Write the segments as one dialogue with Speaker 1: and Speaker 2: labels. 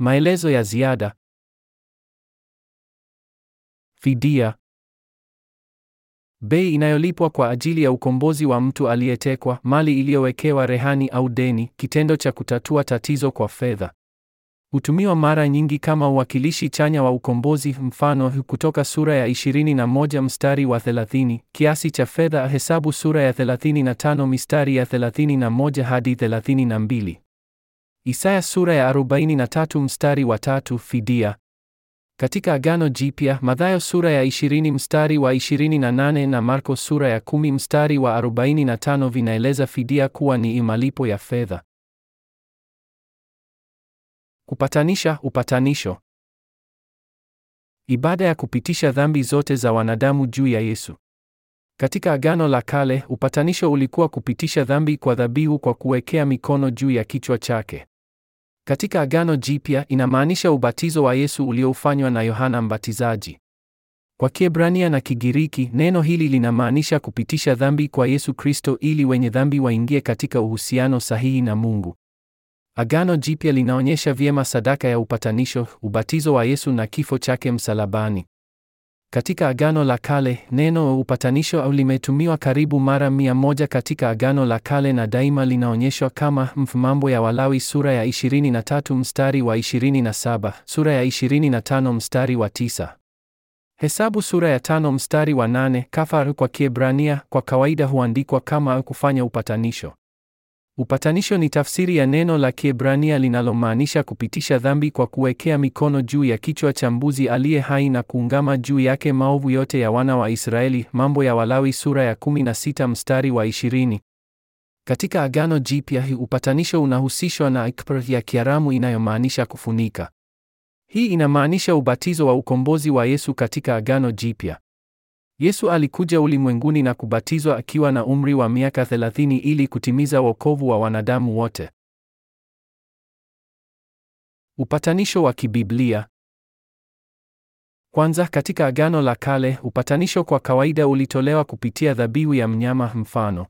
Speaker 1: Maelezo ya ziada. Fidia. Bei inayolipwa kwa ajili ya ukombozi wa mtu aliyetekwa, mali iliyowekewa rehani au deni,
Speaker 2: kitendo cha kutatua tatizo kwa fedha. Hutumiwa mara nyingi kama uwakilishi chanya wa ukombozi, mfano kutoka sura ya 21 mstari wa 30, kiasi cha fedha, Hesabu sura ya 35 mistari ya 31 hadi 32. Isaya sura ya 43 mstari wa tatu fidia. Katika Agano Jipya, Mathayo sura ya 20 mstari wa 28 na Marko sura ya 10 mstari wa 45 vinaeleza fidia kuwa ni malipo ya fedha.
Speaker 1: Kupatanisha upatanisho. Ibada ya kupitisha dhambi zote za wanadamu juu ya Yesu.
Speaker 2: Katika Agano la Kale, upatanisho ulikuwa kupitisha dhambi kwa dhabihu kwa kuwekea mikono juu ya kichwa chake katika Agano Jipya inamaanisha ubatizo wa Yesu uliofanywa na Yohana Mbatizaji. Kwa Kiebrania na Kigiriki, neno hili linamaanisha kupitisha dhambi kwa Yesu Kristo ili wenye dhambi waingie katika uhusiano sahihi na Mungu. Agano Jipya linaonyesha vyema sadaka ya upatanisho, ubatizo wa Yesu na kifo chake msalabani. Katika Agano la Kale, neno upatanisho au limetumiwa karibu mara mia moja katika Agano la Kale na daima linaonyeshwa kama mfumambo Mambo ya Walawi sura ya 23 mstari wa 27, sura ya 25 mstari wa 9, Hesabu sura ya 5 mstari wa 8. Kafar kwa Kiebrania kwa kawaida huandikwa kama kufanya upatanisho. Upatanisho ni tafsiri ya neno la Kiebrania linalomaanisha kupitisha dhambi kwa kuwekea mikono juu ya kichwa cha mbuzi aliye hai na kuungama juu yake maovu yote ya wana wa Israeli, Mambo ya Walawi sura ya 16 mstari wa 20. Katika Agano Jipya, upatanisho unahusishwa na ikpr ya Kiaramu inayomaanisha kufunika. Hii inamaanisha ubatizo wa ukombozi wa Yesu katika Agano Jipya. Yesu alikuja ulimwenguni na
Speaker 1: kubatizwa akiwa na umri wa miaka 30 ili kutimiza wokovu wa wanadamu wote. Upatanisho wa kibiblia. Kwanza, katika Agano la Kale, upatanisho kwa kawaida ulitolewa kupitia
Speaker 2: dhabihu ya mnyama mfano.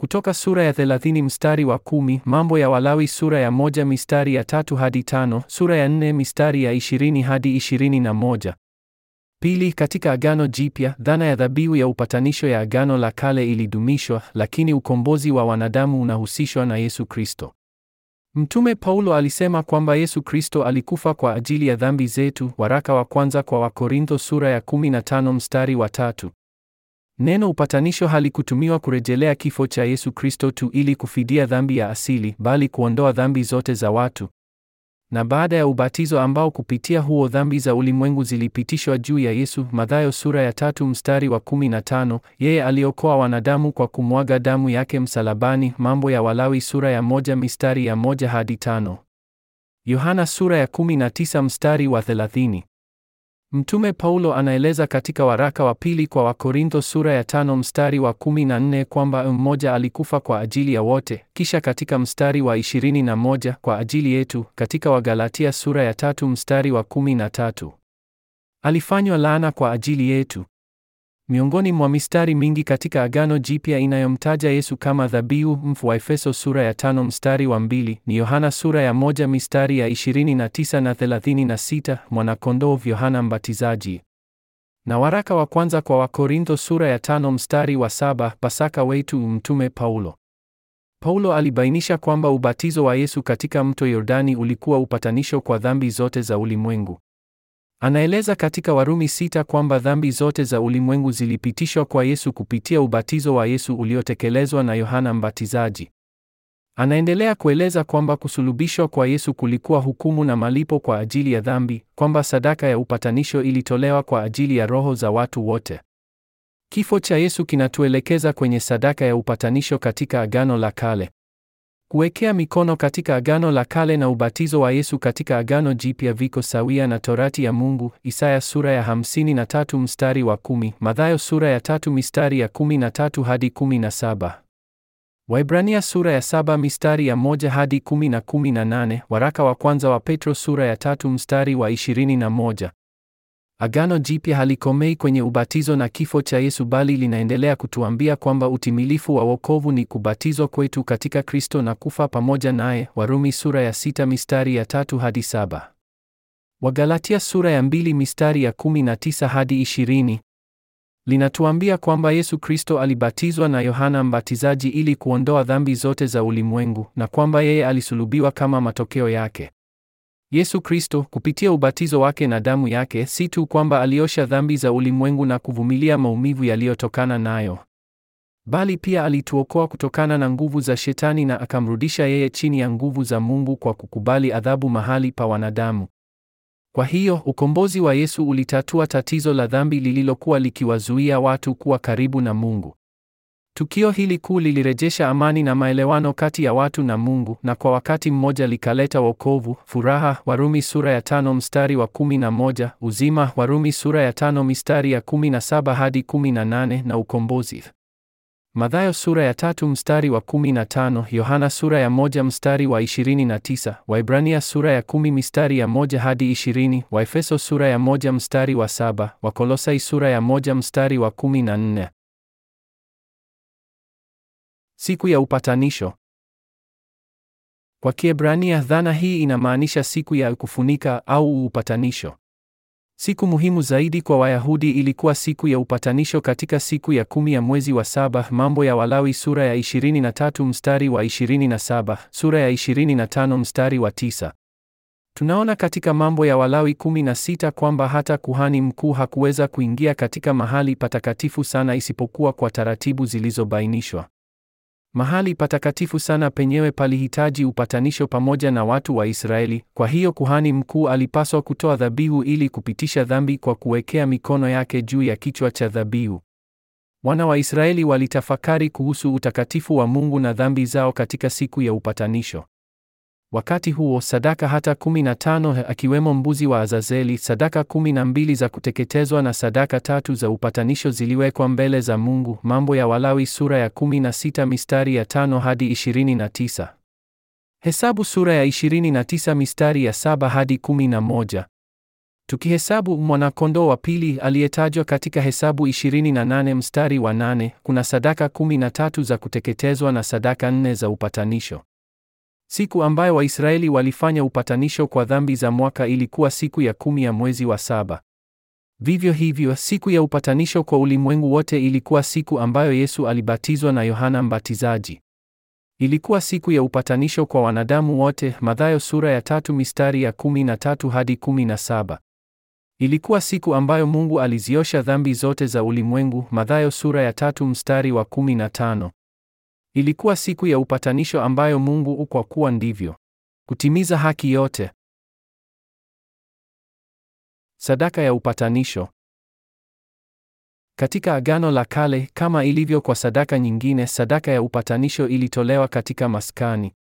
Speaker 2: Kutoka sura ya 30 mstari wa kumi, Mambo ya Walawi sura ya moja mistari ya tatu hadi tano, sura ya nne mistari ya 20 hadi 21. Pili, katika Agano Jipya, dhana ya dhabihu ya upatanisho ya Agano la Kale ilidumishwa, lakini ukombozi wa wanadamu unahusishwa na Yesu Kristo. Mtume Paulo alisema kwamba Yesu Kristo alikufa kwa ajili ya dhambi zetu, waraka wa kwanza kwa Wakorintho sura ya 15 mstari wa tatu. Neno upatanisho halikutumiwa kurejelea kifo cha Yesu Kristo tu ili kufidia dhambi ya asili, bali kuondoa dhambi zote za watu. Na baada ya ubatizo ambao kupitia huo dhambi za ulimwengu zilipitishwa juu ya Yesu, Mathayo sura ya tatu mstari wa 15, yeye aliokoa wanadamu kwa kumwaga damu yake msalabani, mambo ya Walawi sura ya moja mistari ya moja hadi tano. Yohana sura ya tisa mstari wa thelathini. Mtume Paulo anaeleza katika waraka wa pili kwa Wakorintho sura ya tano mstari wa nne kwamba mmoja alikufa kwa ajili ya wote, kisha katika mstari wa 21 kwa ajili yetu, katika Wagalatia sura ya tatu mstari wa na tatu alifanywa laana kwa ajili yetu. Miongoni mwa mistari mingi katika Agano Jipya inayomtaja Yesu kama dhabihu mfu wa Efeso sura ya tano mstari wa mbili, ni Yohana sura ya moja mistari ya 29 na 36, mwanakondoo Yohana Mbatizaji. Na waraka wa kwanza kwa Wakorintho sura ya tano mstari wa saba, Pasaka wetu mtume Paulo. Paulo alibainisha kwamba ubatizo wa Yesu katika mto Yordani ulikuwa upatanisho kwa dhambi zote za ulimwengu. Anaeleza katika Warumi sita kwamba dhambi zote za ulimwengu zilipitishwa kwa Yesu kupitia ubatizo wa Yesu uliotekelezwa na Yohana Mbatizaji. Anaendelea kueleza kwamba kusulubishwa kwa Yesu kulikuwa hukumu na malipo kwa ajili ya dhambi, kwamba sadaka ya upatanisho ilitolewa kwa ajili ya roho za watu wote. Kifo cha Yesu kinatuelekeza kwenye sadaka ya upatanisho katika Agano la Kale. Kuwekea mikono katika Agano la Kale na ubatizo wa Yesu katika Agano Jipya viko sawia na torati ya Mungu, Isaya sura ya 53 mstari wa 10, Mathayo sura ya 3 mistari ya 13 hadi 17, Waibrania sura ya 7 mistari ya 1 hadi 10 na 18, waraka wa kwanza wa Petro sura ya 3 mstari wa 21. Agano Jipya halikomei kwenye ubatizo na kifo cha Yesu bali linaendelea kutuambia kwamba utimilifu wa wokovu ni kubatizwa kwetu katika Kristo na kufa pamoja naye, Warumi sura ya sita mistari ya tatu hadi saba. Wagalatia sura ya mbili mistari ya kumi na tisa hadi ishirini. Linatuambia kwamba Yesu Kristo alibatizwa na Yohana Mbatizaji ili kuondoa dhambi zote za ulimwengu na kwamba yeye alisulubiwa kama matokeo yake. Yesu Kristo kupitia ubatizo wake na damu yake si tu kwamba aliosha dhambi za ulimwengu na kuvumilia maumivu yaliyotokana nayo, bali pia alituokoa kutokana na nguvu za Shetani na akamrudisha yeye chini ya nguvu za Mungu kwa kukubali adhabu mahali pa wanadamu. Kwa hiyo ukombozi wa Yesu ulitatua tatizo la dhambi lililokuwa likiwazuia watu kuwa karibu na Mungu. Tukio hili kuu lilirejesha amani na maelewano kati ya watu na Mungu na kwa wakati mmoja likaleta wokovu, furaha Warumi sura ya tano mstari wa kumi na moja, uzima Warumi sura ya tano mistari ya kumi na saba hadi kumi na nane na ukombozi Mathayo sura ya tatu mstari wa kumi na tano, Yohana sura ya moja mstari wa ishirini na tisa, Waibrania sura ya kumi mistari ya moja hadi ishirini, Waefeso sura
Speaker 1: ya moja mstari wa saba, Wakolosai sura ya moja mstari wa kumi na nne. Siku ya upatanisho. Kwa Kiebrania dhana hii inamaanisha siku ya kufunika au upatanisho.
Speaker 2: Siku muhimu zaidi kwa Wayahudi ilikuwa siku ya upatanisho katika siku ya kumi ya mwezi wa saba, Mambo ya Walawi sura ya 23 mstari wa 27, sura ya 25 mstari wa 9. Tunaona katika Mambo ya Walawi 16 kwamba hata kuhani mkuu hakuweza kuingia katika mahali patakatifu sana isipokuwa kwa taratibu zilizobainishwa. Mahali patakatifu sana penyewe palihitaji upatanisho pamoja na watu wa Israeli, kwa hiyo kuhani mkuu alipaswa kutoa dhabihu ili kupitisha dhambi kwa kuwekea mikono yake juu ya kichwa cha dhabihu. Wana wa Israeli walitafakari kuhusu utakatifu wa Mungu na dhambi zao katika siku ya upatanisho. Wakati huo sadaka hata 15 akiwemo mbuzi wa Azazeli, sadaka 12 za kuteketezwa na sadaka tatu za upatanisho ziliwekwa mbele za Mungu. Mambo ya Walawi sura ya 16 mistari ya 5 hadi 29. Hesabu sura ya 29 mistari ya 7 hadi 11. Tukihesabu mwanakondoo wa pili aliyetajwa katika Hesabu 28 mstari wa 8, kuna sadaka 13 za kuteketezwa na sadaka 4 za upatanisho. Siku ambayo Waisraeli walifanya upatanisho kwa dhambi za mwaka ilikuwa siku ya kumi ya mwezi wa saba. Vivyo hivyo, siku ya upatanisho kwa ulimwengu wote ilikuwa siku ambayo Yesu alibatizwa na Yohana Mbatizaji. Ilikuwa siku ya upatanisho kwa wanadamu wote, Mathayo sura ya tatu mistari ya kumi na tatu hadi kumi na saba. Ilikuwa siku ambayo Mungu aliziosha dhambi zote za ulimwengu, Mathayo sura ya tatu
Speaker 1: mstari wa kumi na tano. Ilikuwa siku ya upatanisho ambayo Mungu kwa kuwa ndivyo kutimiza haki yote. Sadaka ya upatanisho. Katika Agano la Kale, kama
Speaker 2: ilivyo kwa sadaka nyingine, sadaka ya upatanisho ilitolewa katika maskani.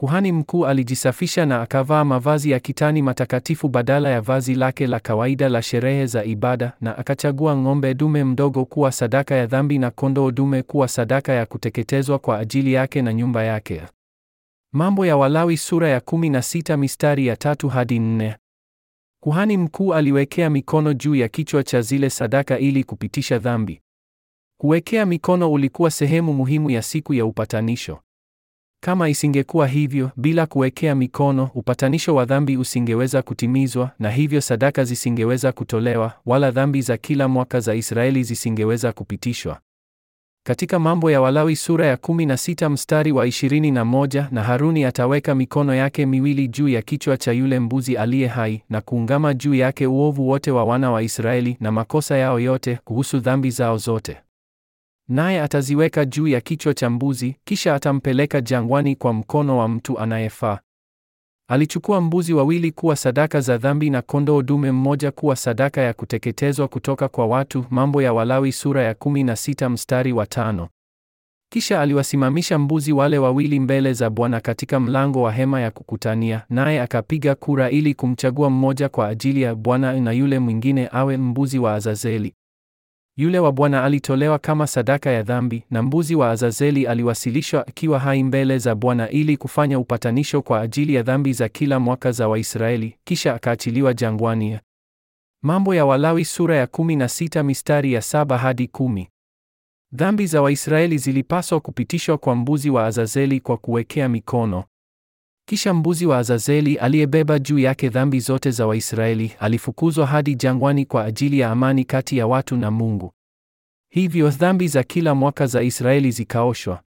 Speaker 2: Kuhani mkuu alijisafisha na akavaa mavazi ya kitani matakatifu badala ya vazi lake la kawaida la sherehe za ibada, na akachagua ng'ombe dume mdogo kuwa sadaka ya dhambi na kondoo dume kuwa sadaka ya kuteketezwa kwa ajili yake na nyumba yake. Mambo ya Walawi sura ya 16 mistari ya tatu hadi nne. Kuhani mkuu aliwekea mikono juu ya kichwa cha zile sadaka ili kupitisha dhambi. Kuwekea mikono ulikuwa sehemu muhimu ya siku ya upatanisho. Kama isingekuwa hivyo, bila kuwekea mikono, upatanisho wa dhambi usingeweza kutimizwa, na hivyo sadaka zisingeweza kutolewa, wala dhambi za kila mwaka za Israeli zisingeweza kupitishwa. Katika Mambo ya Walawi sura ya 16 mstari wa 21, na, na Haruni ataweka mikono yake miwili juu ya kichwa cha yule mbuzi aliye hai na kuungama juu yake uovu wote wa wana wa Israeli na makosa yao yote kuhusu dhambi zao zote naye ataziweka juu ya kichwa cha mbuzi, kisha atampeleka jangwani kwa mkono wa mtu anayefaa. Alichukua mbuzi wawili kuwa sadaka za dhambi na kondoo dume mmoja kuwa sadaka ya kuteketezwa kutoka kwa watu, Mambo ya Walawi sura ya 16 mstari wa tano. Kisha aliwasimamisha mbuzi wale wawili mbele za Bwana katika mlango wa hema ya kukutania, naye akapiga kura ili kumchagua mmoja kwa ajili ya Bwana na yule mwingine awe mbuzi wa Azazeli. Yule wa Bwana alitolewa kama sadaka ya dhambi, na mbuzi wa Azazeli aliwasilishwa akiwa hai mbele za Bwana ili kufanya upatanisho kwa ajili ya dhambi za kila mwaka za Waisraeli, kisha akaachiliwa jangwani. Mambo ya Walawi sura ya 16 mistari ya saba hadi kumi. Dhambi za Waisraeli zilipaswa kupitishwa kwa mbuzi wa Azazeli kwa kuwekea mikono. Kisha mbuzi wa Azazeli aliyebeba juu yake dhambi zote za Waisraeli alifukuzwa hadi jangwani kwa ajili ya amani kati ya watu na Mungu. Hivyo dhambi za kila mwaka za Israeli zikaoshwa.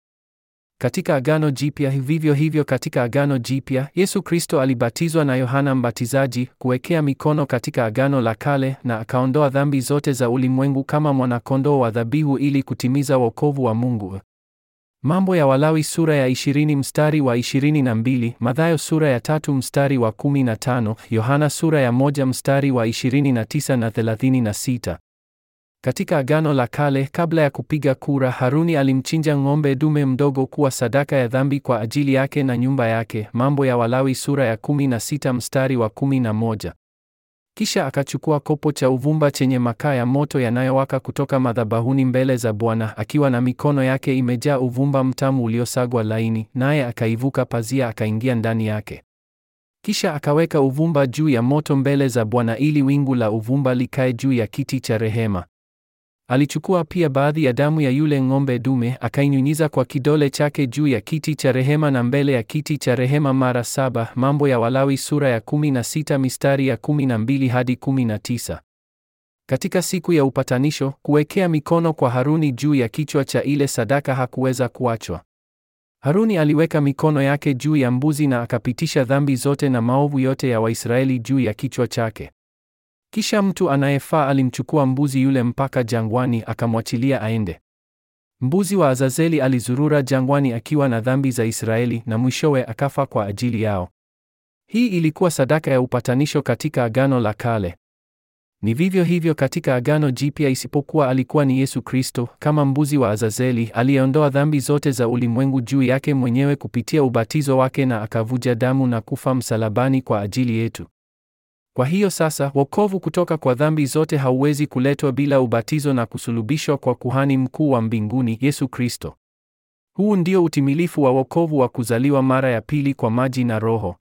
Speaker 2: Katika Agano Jipya vivyo hivyo. Katika Agano Jipya Yesu Kristo alibatizwa na Yohana Mbatizaji, kuwekea mikono katika Agano la Kale, na akaondoa dhambi zote za ulimwengu kama mwanakondoo wa dhabihu ili kutimiza wokovu wa Mungu. Mambo ya Walawi sura ya 20 mstari wa 22, Mathayo sura ya 3 mstari wa 15, Yohana sura ya 1 mstari wa 29 na 36. Katika Agano la Kale, kabla ya kupiga kura, Haruni alimchinja ng'ombe dume mdogo kuwa sadaka ya dhambi kwa ajili yake na nyumba yake. Mambo ya Walawi sura ya 16 mstari wa 11. Kisha akachukua kopo cha uvumba chenye makaa ya moto yanayowaka kutoka madhabahuni mbele za Bwana, akiwa na mikono yake imejaa uvumba mtamu uliosagwa laini, naye akaivuka pazia akaingia ndani yake. Kisha akaweka uvumba juu ya moto mbele za Bwana ili wingu la uvumba likae juu ya kiti cha rehema. Alichukua pia baadhi ya damu ya yule ng'ombe dume akainyunyiza kwa kidole chake juu ya kiti cha rehema na mbele ya kiti cha rehema mara saba. Mambo ya Walawi sura ya 16 mistari ya 12 hadi 19. Katika siku ya upatanisho, kuwekea mikono kwa Haruni juu ya kichwa cha ile sadaka hakuweza kuachwa. Haruni aliweka mikono yake juu ya mbuzi na akapitisha dhambi zote na maovu yote ya Waisraeli juu ya kichwa chake. Kisha mtu anayefaa alimchukua mbuzi yule mpaka jangwani, akamwachilia aende. Mbuzi wa Azazeli alizurura jangwani akiwa na dhambi za Israeli, na mwishowe akafa kwa ajili yao. Hii ilikuwa sadaka ya upatanisho katika Agano la Kale. Ni vivyo hivyo katika Agano Jipya, isipokuwa alikuwa ni Yesu Kristo kama mbuzi wa Azazeli aliyeondoa dhambi zote za ulimwengu juu yake mwenyewe kupitia ubatizo wake, na akavuja damu na kufa msalabani kwa ajili yetu. Kwa hiyo sasa wokovu kutoka kwa dhambi zote hauwezi kuletwa bila ubatizo na kusulubishwa kwa kuhani mkuu wa mbinguni Yesu Kristo. Huu ndio utimilifu wa wokovu wa kuzaliwa mara ya pili kwa
Speaker 1: maji na Roho.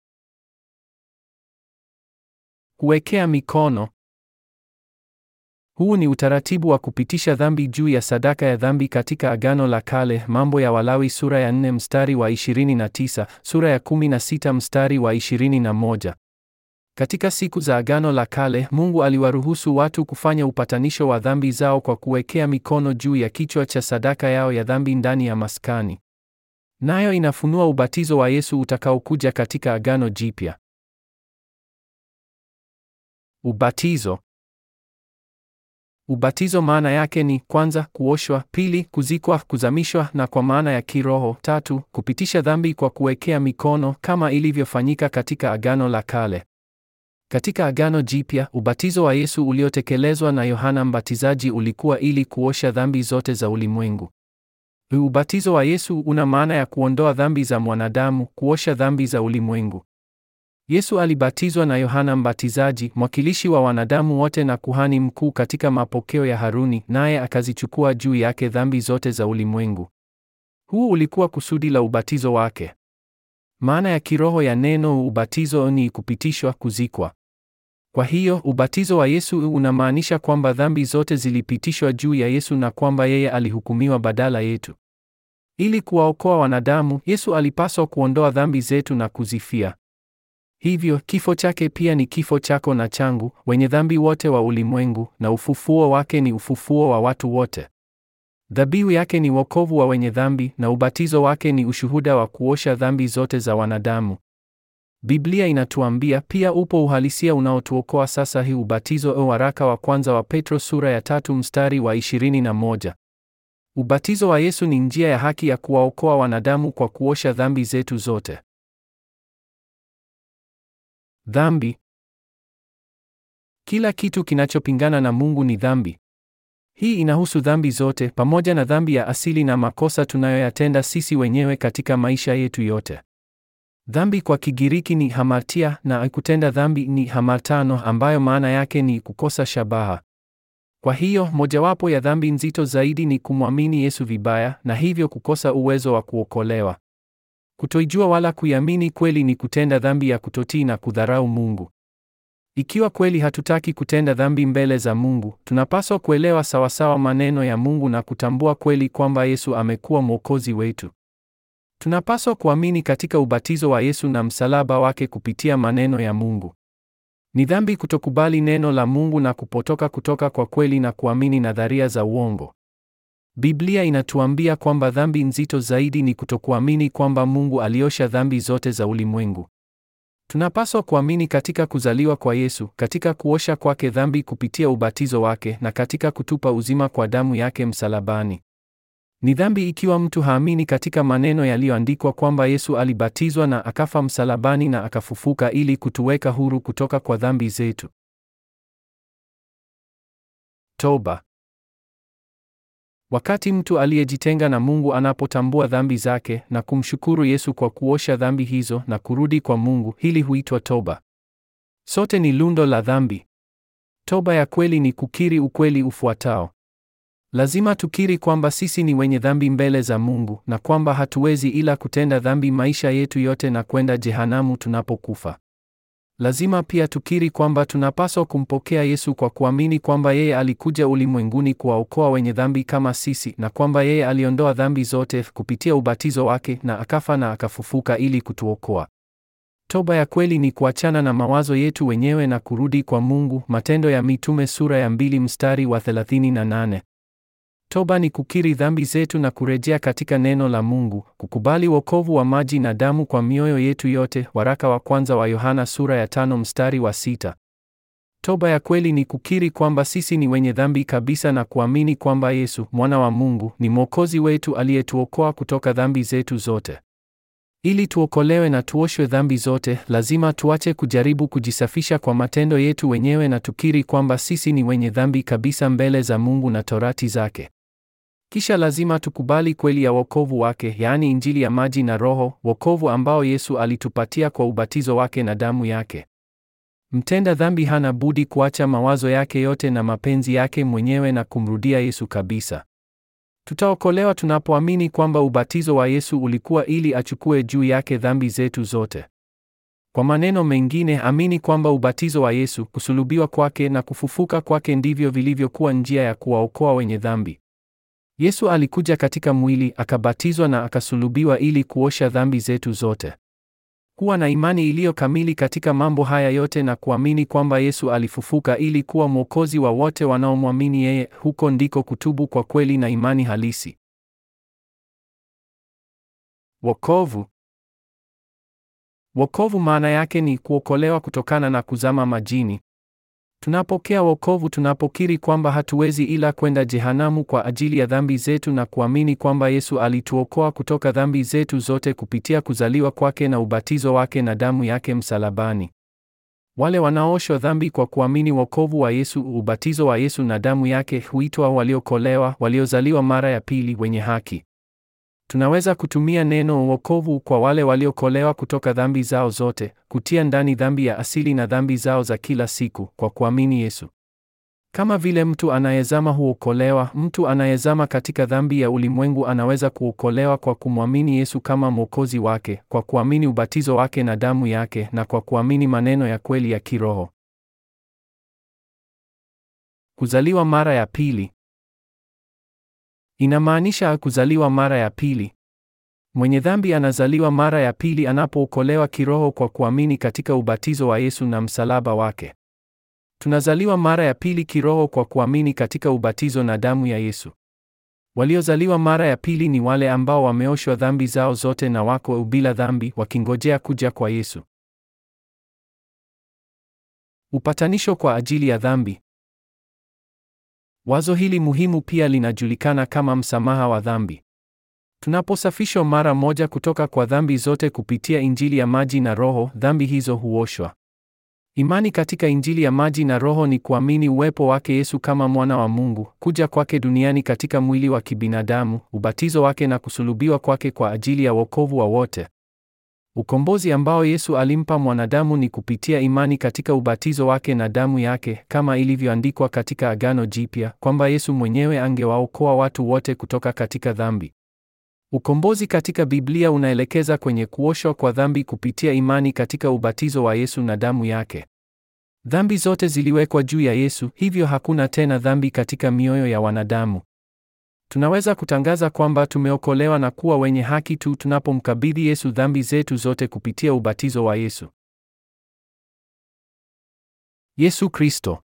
Speaker 1: Kuwekea mikono. Huu ni utaratibu wa kupitisha dhambi juu ya sadaka ya dhambi
Speaker 2: katika Agano la Kale, Mambo ya Walawi sura ya 4 mstari wa 29, sura ya 16 mstari wa 21. Katika siku za Agano la Kale, Mungu aliwaruhusu watu kufanya upatanisho wa dhambi zao kwa kuwekea mikono juu ya kichwa cha sadaka yao ya dhambi ndani ya maskani. Nayo inafunua ubatizo wa Yesu utakaokuja
Speaker 1: katika Agano Jipya. Ubatizo. Ubatizo maana yake ni kwanza, kuoshwa; pili,
Speaker 2: kuzikwa, kuzamishwa na kwa maana ya kiroho; tatu, kupitisha dhambi kwa kuwekea mikono kama ilivyofanyika katika Agano la Kale. Katika Agano Jipya, ubatizo wa Yesu uliotekelezwa na Yohana Mbatizaji ulikuwa ili kuosha dhambi zote za ulimwengu. Ubatizo wa Yesu una maana ya kuondoa dhambi za mwanadamu, kuosha dhambi za ulimwengu. Yesu alibatizwa na Yohana Mbatizaji, mwakilishi wa wanadamu wote na kuhani mkuu katika mapokeo ya Haruni, naye akazichukua juu yake dhambi zote za ulimwengu. Huu ulikuwa kusudi la ubatizo wake. Maana ya kiroho ya neno ubatizo ni kupitishwa, kuzikwa. Kwa hiyo ubatizo wa Yesu unamaanisha kwamba dhambi zote zilipitishwa juu ya Yesu na kwamba yeye alihukumiwa badala yetu. Ili kuwaokoa wanadamu, Yesu alipaswa kuondoa dhambi zetu na kuzifia. Hivyo kifo chake pia ni kifo chako na changu, wenye dhambi wote wa ulimwengu, na ufufuo wake ni ufufuo wa watu wote. Dhabihu yake ni wokovu wa wenye dhambi, na ubatizo wake ni ushuhuda wa kuosha dhambi zote za wanadamu. Biblia inatuambia pia upo uhalisia unaotuokoa sasa hii ubatizo. Waraka wa kwanza wa Petro sura ya tatu mstari wa moja. Ubatizo
Speaker 1: wa Yesu ni njia ya haki ya kuwaokoa wanadamu kwa kuosha dhambi zetu zote. Dhambi. Kila kitu kinachopingana na Mungu ni dhambi. Hii inahusu dhambi zote pamoja na dhambi ya
Speaker 2: asili na makosa tunayoyatenda sisi wenyewe katika maisha yetu yote. Dhambi kwa Kigiriki ni hamartia na kutenda dhambi ni hamartano, ambayo maana yake ni kukosa shabaha. Kwa hiyo mojawapo ya dhambi nzito zaidi ni kumwamini Yesu vibaya, na hivyo kukosa uwezo wa kuokolewa. Kutoijua wala kuiamini kweli ni kutenda dhambi ya kutotii na kudharau Mungu. Ikiwa kweli hatutaki kutenda dhambi mbele za Mungu, tunapaswa kuelewa sawasawa maneno ya Mungu na kutambua kweli kwamba Yesu amekuwa mwokozi wetu. Tunapaswa kuamini katika ubatizo wa Yesu na msalaba wake kupitia maneno ya Mungu. Ni dhambi kutokubali neno la Mungu na kupotoka kutoka kwa kweli na kuamini nadharia za uongo. Biblia inatuambia kwamba dhambi nzito zaidi ni kutokuamini kwamba Mungu aliosha dhambi zote za ulimwengu. Tunapaswa kuamini katika kuzaliwa kwa Yesu, katika kuosha kwake dhambi kupitia ubatizo wake na katika kutupa uzima kwa damu yake msalabani. Ni dhambi ikiwa mtu haamini katika maneno yaliyoandikwa kwamba Yesu alibatizwa na akafa
Speaker 1: msalabani na akafufuka ili kutuweka huru kutoka kwa dhambi zetu. Toba. Wakati mtu
Speaker 2: aliyejitenga na Mungu anapotambua dhambi zake na kumshukuru Yesu kwa kuosha dhambi hizo na kurudi kwa Mungu, hili huitwa toba. Sote ni lundo la dhambi. Toba ya kweli ni kukiri ukweli ufuatao. Lazima tukiri kwamba sisi ni wenye dhambi mbele za Mungu na kwamba hatuwezi ila kutenda dhambi maisha yetu yote na kwenda jehanamu tunapokufa. Lazima pia tukiri kwamba tunapaswa kumpokea Yesu kwa kuamini kwamba yeye alikuja ulimwenguni kuwaokoa wenye dhambi kama sisi na kwamba yeye aliondoa dhambi zote kupitia ubatizo wake na akafa na akafufuka ili kutuokoa. Toba ya kweli ni kuachana na mawazo yetu wenyewe na kurudi kwa Mungu, Matendo ya Mitume sura ya 2 mstari wa 38. Toba ni kukiri dhambi zetu na kurejea katika neno la Mungu, kukubali wokovu wa maji na damu kwa mioyo yetu yote, waraka wa kwanza wa Yohana sura ya tano mstari wa sita. Toba ya kweli ni kukiri kwamba sisi ni wenye dhambi kabisa na kuamini kwamba Yesu, mwana wa Mungu, ni mwokozi wetu aliyetuokoa kutoka dhambi zetu zote. Ili tuokolewe na tuoshwe dhambi zote, lazima tuache kujaribu kujisafisha kwa matendo yetu wenyewe na tukiri kwamba sisi ni wenye dhambi kabisa mbele za Mungu na torati zake. Kisha lazima tukubali kweli ya wokovu wake, yaani injili ya maji na Roho, wokovu ambao Yesu alitupatia kwa ubatizo wake na damu yake. Mtenda dhambi hana budi kuacha mawazo yake yote na mapenzi yake mwenyewe na kumrudia Yesu kabisa. Tutaokolewa tunapoamini kwamba ubatizo wa Yesu ulikuwa ili achukue juu yake dhambi zetu zote. Kwa maneno mengine, amini kwamba ubatizo wa Yesu, kusulubiwa kwake na kufufuka kwake ndivyo vilivyokuwa njia ya kuwaokoa wenye dhambi. Yesu alikuja katika mwili, akabatizwa na akasulubiwa ili kuosha dhambi zetu zote. Kuwa na imani iliyo kamili katika mambo haya yote na kuamini kwamba Yesu alifufuka ili kuwa
Speaker 1: mwokozi wa wote wanaomwamini yeye, huko ndiko kutubu kwa kweli na imani halisi. Wokovu. Wokovu maana yake ni kuokolewa kutokana na kuzama majini, Tunapokea
Speaker 2: wokovu tunapokiri kwamba hatuwezi ila kwenda jehanamu kwa ajili ya dhambi zetu na kuamini kwamba Yesu alituokoa kutoka dhambi zetu zote kupitia kuzaliwa kwake na ubatizo wake na damu yake msalabani. Wale wanaoshwa dhambi kwa kuamini wokovu wa Yesu, ubatizo wa Yesu na damu yake huitwa waliokolewa, waliozaliwa mara ya pili, wenye haki. Tunaweza kutumia neno wokovu kwa wale waliokolewa kutoka dhambi zao zote, kutia ndani dhambi ya asili na dhambi zao za kila siku kwa kuamini Yesu. Kama vile mtu anayezama huokolewa, mtu anayezama katika dhambi ya ulimwengu anaweza kuokolewa kwa kumwamini Yesu kama Mwokozi wake, kwa kuamini ubatizo wake na
Speaker 1: damu yake na kwa kuamini maneno ya kweli ya kiroho. Kuzaliwa mara ya pili. Inamaanisha
Speaker 2: kuzaliwa mara ya pili. Mwenye dhambi anazaliwa mara ya pili anapookolewa kiroho kwa kuamini katika ubatizo wa Yesu na msalaba wake. Tunazaliwa mara ya pili kiroho kwa kuamini katika ubatizo na damu ya Yesu. Waliozaliwa mara ya pili ni wale ambao wameoshwa dhambi zao zote na wako bila dhambi wakingojea kuja kwa
Speaker 1: Yesu. Upatanisho kwa ajili ya dhambi. Wazo hili muhimu pia linajulikana kama msamaha wa dhambi.
Speaker 2: Tunaposafishwa mara moja kutoka kwa dhambi zote kupitia Injili ya maji na Roho, dhambi hizo huoshwa. Imani katika Injili ya maji na Roho ni kuamini uwepo wake Yesu kama mwana wa Mungu, kuja kwake duniani katika mwili wa kibinadamu, ubatizo wake na kusulubiwa kwake kwa ajili ya wokovu wa wote. Ukombozi ambao Yesu alimpa mwanadamu ni kupitia imani katika ubatizo wake na damu yake, kama ilivyoandikwa katika Agano Jipya kwamba Yesu mwenyewe angewaokoa watu wote kutoka katika dhambi. Ukombozi katika Biblia unaelekeza kwenye kuoshwa kwa dhambi kupitia imani katika ubatizo wa Yesu na damu yake. Dhambi zote ziliwekwa juu ya Yesu, hivyo hakuna tena dhambi katika mioyo ya wanadamu. Tunaweza kutangaza kwamba tumeokolewa na kuwa wenye haki tu tunapomkabidhi Yesu dhambi zetu zote kupitia ubatizo
Speaker 1: wa Yesu. Yesu Kristo.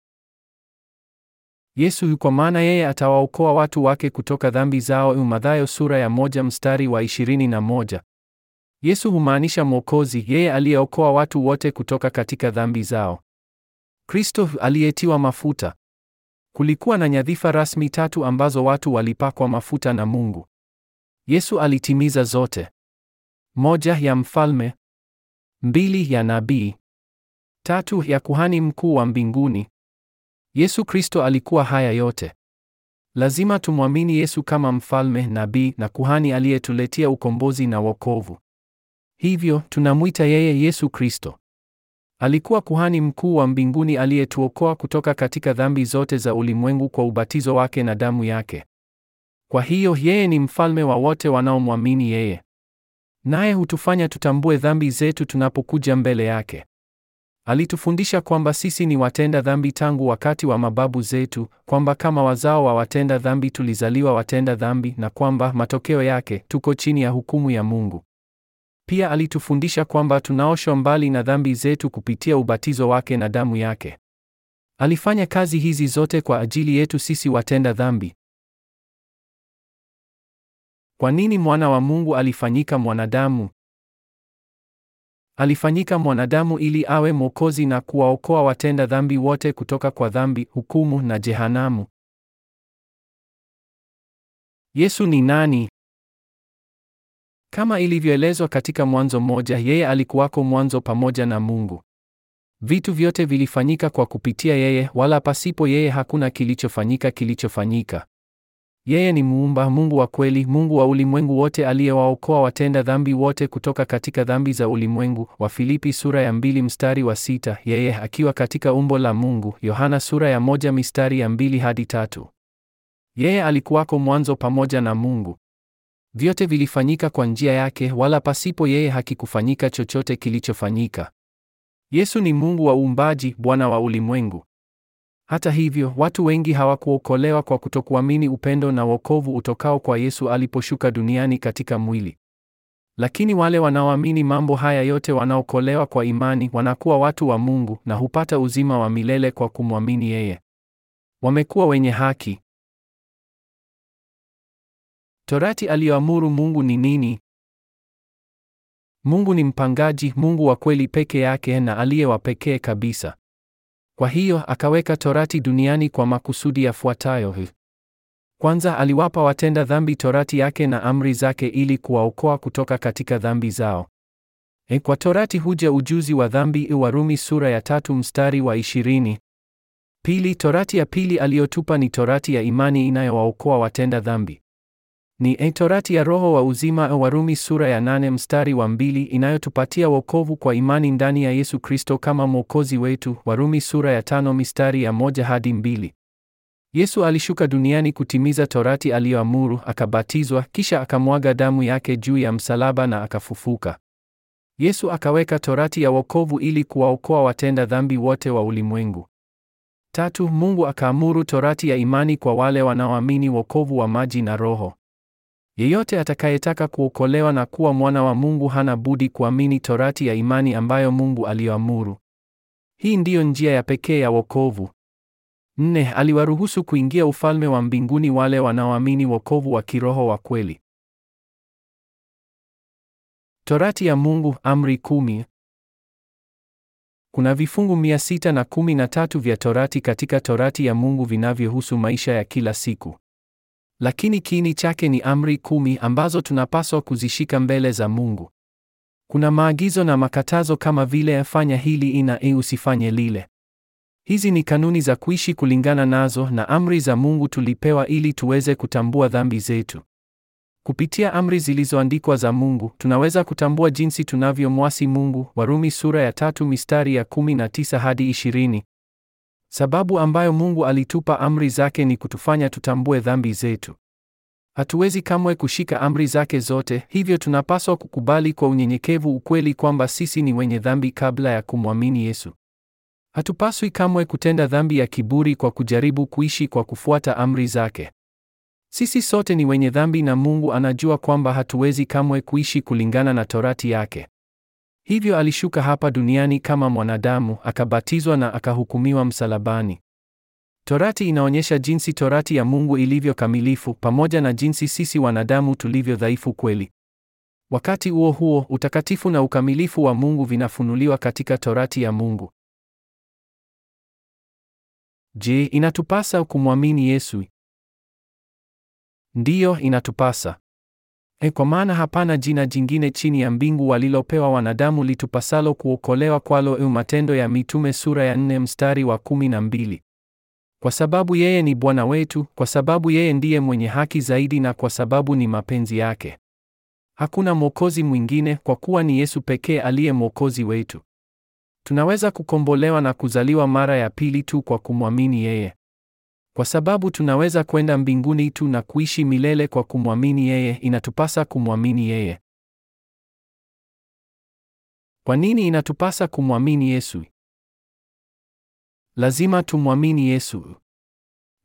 Speaker 1: Yesu kwa maana yeye atawaokoa watu wake kutoka dhambi zao, Mathayo
Speaker 2: sura ya moja mstari wa 21. Yesu humaanisha Mwokozi, yeye aliyeokoa watu wote kutoka katika dhambi zao. Kristo aliyetiwa mafuta. Kulikuwa na nyadhifa rasmi tatu ambazo watu walipakwa mafuta na Mungu.
Speaker 1: Yesu alitimiza zote: moja ya mfalme, mbili ya nabii, tatu ya kuhani mkuu wa mbinguni.
Speaker 2: Yesu Kristo alikuwa haya yote. Lazima tumwamini Yesu kama mfalme, nabii na kuhani aliyetuletea ukombozi na wokovu. Hivyo tunamwita yeye Yesu Kristo. Alikuwa kuhani mkuu wa mbinguni aliyetuokoa kutoka katika dhambi zote za ulimwengu kwa ubatizo wake na damu yake. Kwa hiyo yeye ni mfalme wa wote wanaomwamini yeye. Naye hutufanya tutambue dhambi zetu tunapokuja mbele yake. Alitufundisha kwamba sisi ni watenda dhambi tangu wakati wa mababu zetu, kwamba kama wazao wa watenda dhambi tulizaliwa watenda dhambi na kwamba matokeo yake tuko chini ya hukumu ya Mungu. Pia alitufundisha kwamba tunaoshwa mbali na dhambi zetu kupitia ubatizo wake na damu yake. Alifanya kazi
Speaker 1: hizi zote kwa ajili yetu sisi watenda dhambi. Kwa nini mwana wa Mungu alifanyika mwanadamu?
Speaker 2: Alifanyika mwanadamu ili awe mwokozi na kuwaokoa watenda dhambi wote kutoka kwa dhambi,
Speaker 1: hukumu na jehanamu. Yesu ni nani? Kama ilivyoelezwa katika Mwanzo mmoja, yeye alikuwako
Speaker 2: mwanzo pamoja na Mungu. Vitu vyote vilifanyika kwa kupitia yeye, wala pasipo yeye hakuna kilichofanyika kilichofanyika. Yeye ni muumba, Mungu wa kweli, Mungu wa ulimwengu wote, aliyewaokoa watenda dhambi wote kutoka katika dhambi za ulimwengu. Filipi sura ya mbili mstari wa sita. Yeye akiwa katika umbo la Mungu. Yohana sura ya moja mistari ya mbili hadi tatu. Yeye alikuwako mwanzo pamoja na Mungu. Vyote vilifanyika kwa njia yake, wala pasipo yeye hakikufanyika chochote kilichofanyika. Yesu ni Mungu wa uumbaji, Bwana wa ulimwengu. Hata hivyo, watu wengi hawakuokolewa kwa kutokuamini upendo na wokovu utokao kwa Yesu aliposhuka duniani katika mwili. Lakini wale wanaoamini mambo haya yote wanaokolewa
Speaker 1: kwa imani, wanakuwa watu wa Mungu na hupata uzima wa milele kwa kumwamini yeye. Wamekuwa wenye haki. Torati aliyoamuru Mungu ni nini? Mungu ni mpangaji, Mungu wa
Speaker 2: kweli peke yake na aliye wa pekee kabisa. Kwa hiyo akaweka Torati duniani kwa makusudi yafuatayo. Kwanza, aliwapa watenda dhambi Torati yake na amri zake ili kuwaokoa kutoka katika dhambi zao. E, kwa Torati huja ujuzi wa dhambi, e, Warumi sura ya tatu mstari wa ishirini. Pili, Torati ya pili aliyotupa ni Torati ya imani inayowaokoa watenda dhambi. Ni torati ya Roho wa uzima, Warumi sura ya nane mstari wa mbili, inayotupatia wokovu kwa imani ndani ya Yesu Kristo kama mwokozi wetu, Warumi sura ya tano mistari ya moja hadi mbili. Yesu alishuka duniani kutimiza torati aliyoamuru, akabatizwa, kisha akamwaga damu yake juu ya msalaba na akafufuka. Yesu akaweka torati ya wokovu ili kuwaokoa watenda dhambi wote wa ulimwengu. Tatu, Mungu akaamuru torati ya imani kwa wale wanaoamini wokovu wa maji na Roho. Yeyote atakayetaka kuokolewa na kuwa mwana wa Mungu hana budi kuamini torati ya imani ambayo Mungu aliyoamuru. Hii ndiyo njia ya pekee ya wokovu. Nne, aliwaruhusu kuingia ufalme wa mbinguni wale wanaoamini wokovu wa kiroho wa kweli.
Speaker 1: Torati ya Mungu, amri kumi. Kuna vifungu mia sita na kumi na tatu vya torati katika torati
Speaker 2: ya Mungu vinavyohusu maisha ya kila siku lakini kiini chake ni amri kumi ambazo tunapaswa kuzishika mbele za Mungu. Kuna maagizo na makatazo kama vile yafanya hili ina e, usifanye lile. Hizi ni kanuni za kuishi kulingana nazo na amri za Mungu tulipewa ili tuweze kutambua dhambi zetu. Kupitia amri zilizoandikwa za Mungu, tunaweza kutambua jinsi tunavyomwasi Mungu, Warumi sura ya tatu mistari ya 19 hadi Sababu ambayo Mungu alitupa amri zake ni kutufanya tutambue dhambi zetu. Hatuwezi kamwe kushika amri zake zote, hivyo tunapaswa kukubali kwa unyenyekevu ukweli kwamba sisi ni wenye dhambi kabla ya kumwamini Yesu. Hatupaswi kamwe kutenda dhambi ya kiburi kwa kujaribu kuishi kwa kufuata amri zake. Sisi sote ni wenye dhambi na Mungu anajua kwamba hatuwezi kamwe kuishi kulingana na torati yake. Hivyo alishuka hapa duniani kama mwanadamu, akabatizwa na akahukumiwa msalabani. Torati inaonyesha jinsi torati ya Mungu ilivyo kamilifu pamoja na jinsi sisi wanadamu tulivyo dhaifu kweli. Wakati huo huo, utakatifu na ukamilifu wa Mungu vinafunuliwa
Speaker 1: katika torati ya Mungu. Je, inatupasa kumwamini Yesu? Ndiyo, inatupasa.
Speaker 2: E, kwa maana hapana jina jingine chini ya mbingu walilopewa wanadamu litupasalo kuokolewa kwalo. E, Matendo ya Mitume sura ya 4 mstari wa 12. Kwa sababu yeye ni Bwana wetu, kwa sababu yeye ndiye mwenye haki zaidi, na kwa sababu ni mapenzi yake. Hakuna mwokozi mwingine, kwa kuwa ni Yesu pekee aliye mwokozi wetu. Tunaweza kukombolewa na kuzaliwa mara ya pili tu kwa kumwamini yeye.
Speaker 1: Kwa sababu tunaweza kwenda mbinguni tu na kuishi milele kwa kumwamini yeye, inatupasa kumwamini yeye. Kwa nini inatupasa kumwamini Yesu? Lazima tumwamini Yesu.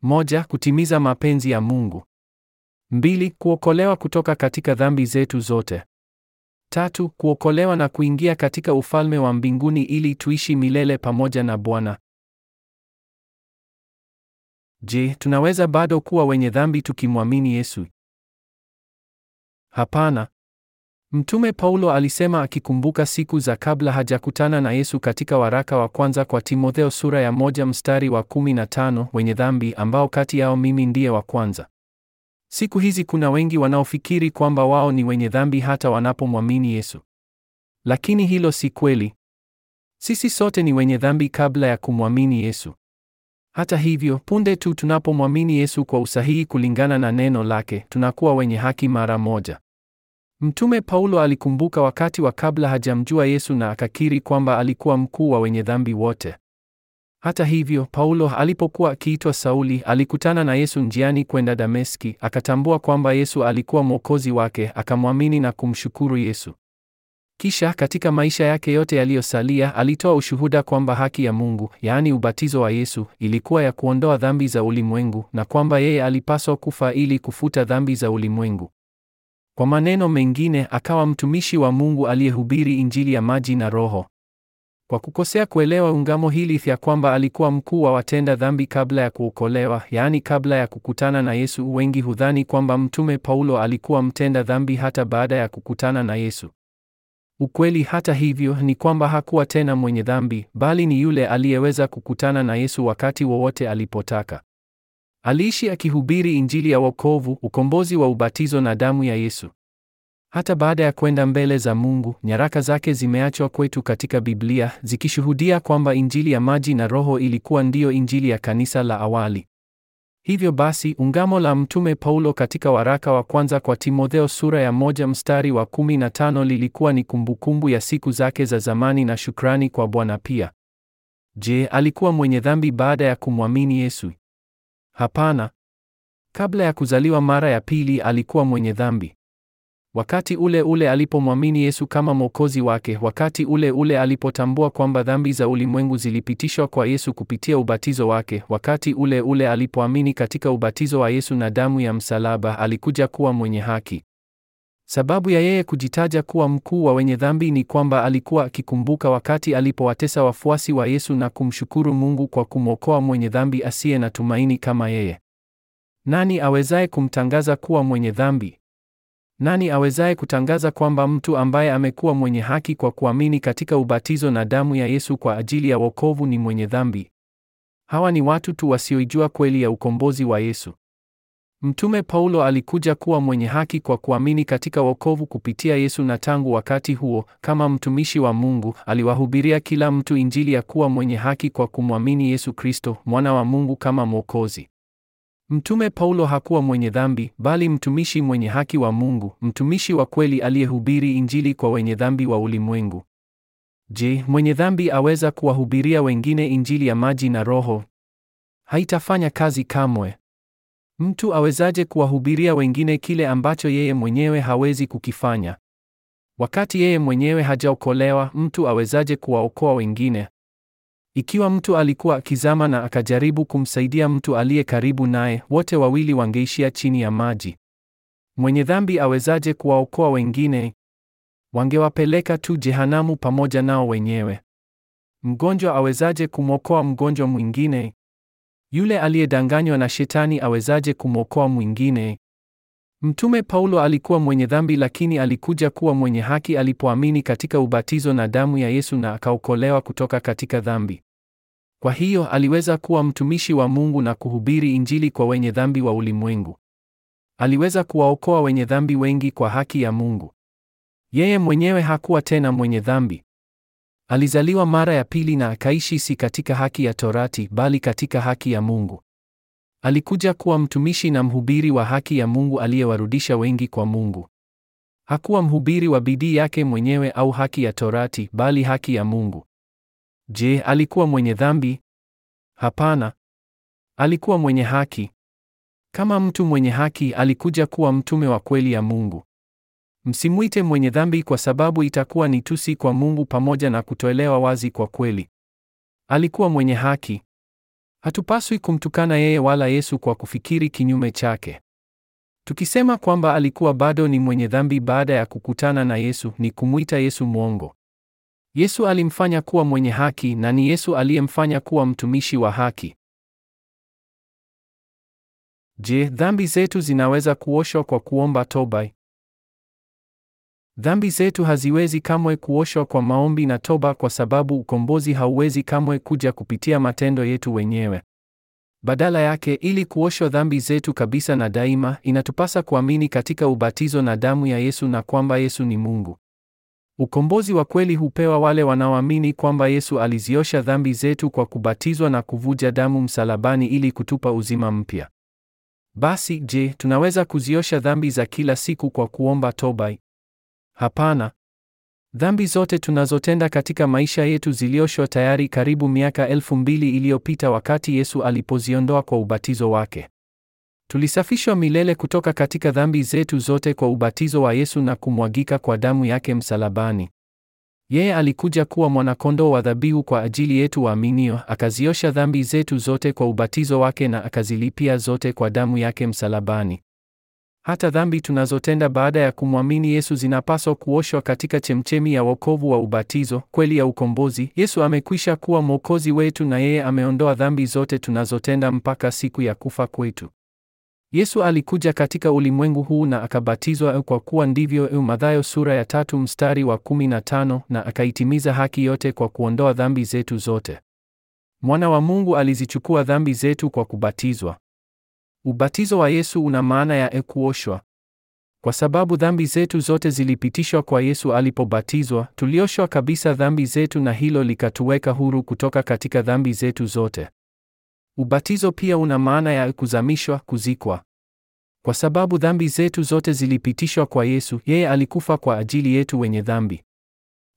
Speaker 2: Moja, kutimiza mapenzi ya Mungu. Mbili, kuokolewa kutoka katika dhambi zetu zote. Tatu, kuokolewa na kuingia katika ufalme
Speaker 1: wa mbinguni ili tuishi milele pamoja na Bwana. Je, tunaweza bado kuwa wenye dhambi tukimwamini Yesu?
Speaker 2: Hapana. Mtume Paulo alisema akikumbuka siku za kabla hajakutana na Yesu katika waraka wa kwanza kwa Timotheo sura ya moja mstari wa 15, wenye dhambi ambao kati yao mimi ndiye wa kwanza. Siku hizi kuna wengi wanaofikiri kwamba wao ni wenye dhambi hata wanapomwamini Yesu. Lakini hilo si kweli. Sisi sote ni wenye dhambi kabla ya kumwamini Yesu. Hata hivyo, punde tu tunapomwamini Yesu kwa usahihi kulingana na neno lake, tunakuwa wenye haki mara moja. Mtume Paulo alikumbuka wakati wa kabla hajamjua Yesu na akakiri kwamba alikuwa mkuu wa wenye dhambi wote. Hata hivyo, Paulo alipokuwa akiitwa Sauli, alikutana na Yesu njiani kwenda Dameski, akatambua kwamba Yesu alikuwa mwokozi wake, akamwamini na kumshukuru Yesu. Kisha katika maisha yake yote yaliyosalia alitoa ushuhuda kwamba haki ya Mungu, yaani ubatizo wa Yesu, ilikuwa ya kuondoa dhambi za ulimwengu na kwamba yeye alipaswa kufa ili kufuta dhambi za ulimwengu. Kwa maneno mengine, akawa mtumishi wa Mungu aliyehubiri Injili ya maji na Roho. Kwa kukosea kuelewa ungamo hili ya kwamba alikuwa mkuu wa watenda dhambi kabla ya kuokolewa, yaani kabla ya kukutana na Yesu, wengi hudhani kwamba Mtume Paulo alikuwa mtenda dhambi hata baada ya kukutana na Yesu. Ukweli hata hivyo ni kwamba hakuwa tena mwenye dhambi, bali ni yule aliyeweza kukutana na Yesu wakati wowote alipotaka. Aliishi akihubiri injili ya wokovu, ukombozi wa ubatizo na damu ya Yesu. Hata baada ya kwenda mbele za Mungu, nyaraka zake zimeachwa kwetu katika Biblia zikishuhudia kwamba injili ya maji na Roho ilikuwa ndiyo injili ya kanisa la awali. Hivyo basi ungamo la Mtume Paulo katika waraka wa kwanza kwa Timotheo sura ya moja mstari wa 15 lilikuwa ni kumbukumbu ya siku zake za zamani na shukrani kwa Bwana pia. Je, alikuwa mwenye dhambi baada ya kumwamini Yesu? Hapana. Kabla ya kuzaliwa mara ya pili alikuwa mwenye dhambi. Wakati ule ule alipomwamini Yesu kama mwokozi wake, wakati ule ule alipotambua kwamba dhambi za ulimwengu zilipitishwa kwa Yesu kupitia ubatizo wake, wakati ule ule alipoamini katika ubatizo wa Yesu na damu ya msalaba, alikuja kuwa mwenye haki. Sababu ya yeye kujitaja kuwa mkuu wa wenye dhambi ni kwamba alikuwa akikumbuka wakati alipowatesa wafuasi wa Yesu na kumshukuru Mungu kwa kumwokoa mwenye dhambi asiye na tumaini kama yeye. Nani awezaye kumtangaza kuwa mwenye dhambi? Nani awezaye kutangaza kwamba mtu ambaye amekuwa mwenye haki kwa kuamini katika ubatizo na damu ya Yesu kwa ajili ya wokovu ni mwenye dhambi? Hawa ni watu tu wasioijua kweli ya ukombozi wa Yesu. Mtume Paulo alikuja kuwa mwenye haki kwa kuamini katika wokovu kupitia Yesu na tangu wakati huo, kama mtumishi wa Mungu, aliwahubiria kila mtu Injili ya kuwa mwenye haki kwa kumwamini Yesu Kristo, mwana wa Mungu kama Mwokozi. Mtume Paulo hakuwa mwenye dhambi, bali mtumishi mwenye haki wa Mungu, mtumishi wa kweli aliyehubiri Injili kwa wenye dhambi wa ulimwengu. Je, mwenye dhambi aweza kuwahubiria wengine Injili ya maji na Roho? Haitafanya kazi kamwe. Mtu awezaje kuwahubiria wengine kile ambacho yeye mwenyewe hawezi kukifanya? Wakati yeye mwenyewe hajaokolewa, mtu awezaje kuwaokoa wengine? Ikiwa mtu alikuwa akizama na akajaribu kumsaidia mtu aliye karibu naye, wote wawili wangeishia chini ya maji. Mwenye dhambi awezaje kuwaokoa wengine? Wangewapeleka tu jehanamu pamoja nao wenyewe. Mgonjwa awezaje kumwokoa mgonjwa mwingine? Yule aliyedanganywa na shetani awezaje kumwokoa mwingine? Mtume Paulo alikuwa mwenye dhambi lakini alikuja kuwa mwenye haki alipoamini katika ubatizo na damu ya Yesu na akaokolewa kutoka katika dhambi. Kwa hiyo aliweza kuwa mtumishi wa Mungu na kuhubiri Injili kwa wenye dhambi wa ulimwengu. Aliweza kuwaokoa wenye dhambi wengi kwa haki ya Mungu. Yeye mwenyewe hakuwa tena mwenye dhambi. Alizaliwa mara ya pili na akaishi si katika haki ya Torati bali katika haki ya Mungu. Alikuja kuwa mtumishi na mhubiri wa haki ya Mungu aliyewarudisha wengi kwa Mungu. Hakuwa mhubiri wa bidii yake mwenyewe au haki ya Torati bali haki ya Mungu. Je, alikuwa mwenye dhambi? Hapana. Alikuwa mwenye haki. Kama mtu mwenye haki alikuja kuwa mtume wa kweli ya Mungu. Msimwite mwenye dhambi kwa sababu itakuwa ni tusi kwa Mungu pamoja na kutoelewa wazi kwa kweli. Alikuwa mwenye haki. Hatupaswi kumtukana yeye wala Yesu kwa kufikiri kinyume chake. Tukisema kwamba alikuwa bado ni mwenye dhambi baada ya kukutana na Yesu ni kumwita Yesu mwongo. Yesu alimfanya kuwa mwenye haki na ni Yesu aliyemfanya kuwa mtumishi wa haki. Je, dhambi zetu zinaweza kuoshwa kwa kuomba toba? Dhambi zetu haziwezi kamwe kuoshwa kwa maombi na toba kwa sababu ukombozi hauwezi kamwe kuja kupitia matendo yetu wenyewe. Badala yake, ili kuoshwa dhambi zetu kabisa na daima, inatupasa kuamini katika ubatizo na damu ya Yesu na kwamba Yesu ni Mungu. Ukombozi wa kweli hupewa wale wanaoamini kwamba Yesu aliziosha dhambi zetu kwa kubatizwa na kuvuja damu msalabani ili kutupa uzima mpya. Basi je, tunaweza kuziosha dhambi za kila siku kwa kuomba toba? Hapana. Dhambi zote tunazotenda katika maisha yetu zilioshwa tayari karibu miaka elfu mbili iliyopita wakati Yesu alipoziondoa kwa ubatizo wake. Tulisafishwa milele kutoka katika dhambi zetu zote kwa ubatizo wa Yesu na kumwagika kwa damu yake msalabani. Yeye alikuja kuwa mwanakondoo wa dhabihu kwa ajili yetu waaminio, akaziosha dhambi zetu zote kwa ubatizo wake na akazilipia zote kwa damu yake msalabani. Hata dhambi tunazotenda baada ya kumwamini Yesu zinapaswa kuoshwa katika chemchemi ya wokovu wa ubatizo, kweli ya ukombozi. Yesu amekwisha kuwa mwokozi wetu na yeye ameondoa dhambi zote tunazotenda mpaka siku ya kufa kwetu. Yesu alikuja katika ulimwengu huu na akabatizwa kwa kuwa ndivyo, Mathayo sura ya tatu mstari wa 15, na akaitimiza haki yote kwa kuondoa dhambi zetu zote. Mwana wa Mungu alizichukua dhambi zetu kwa kubatizwa. Ubatizo wa Yesu una maana ya e kuoshwa. Kwa sababu dhambi zetu zote zilipitishwa kwa Yesu alipobatizwa, tulioshwa kabisa dhambi zetu na hilo likatuweka huru kutoka katika dhambi zetu zote. Ubatizo pia una maana ya kuzamishwa, kuzikwa. Kwa sababu dhambi zetu zote zilipitishwa kwa Yesu, yeye alikufa kwa ajili yetu wenye dhambi.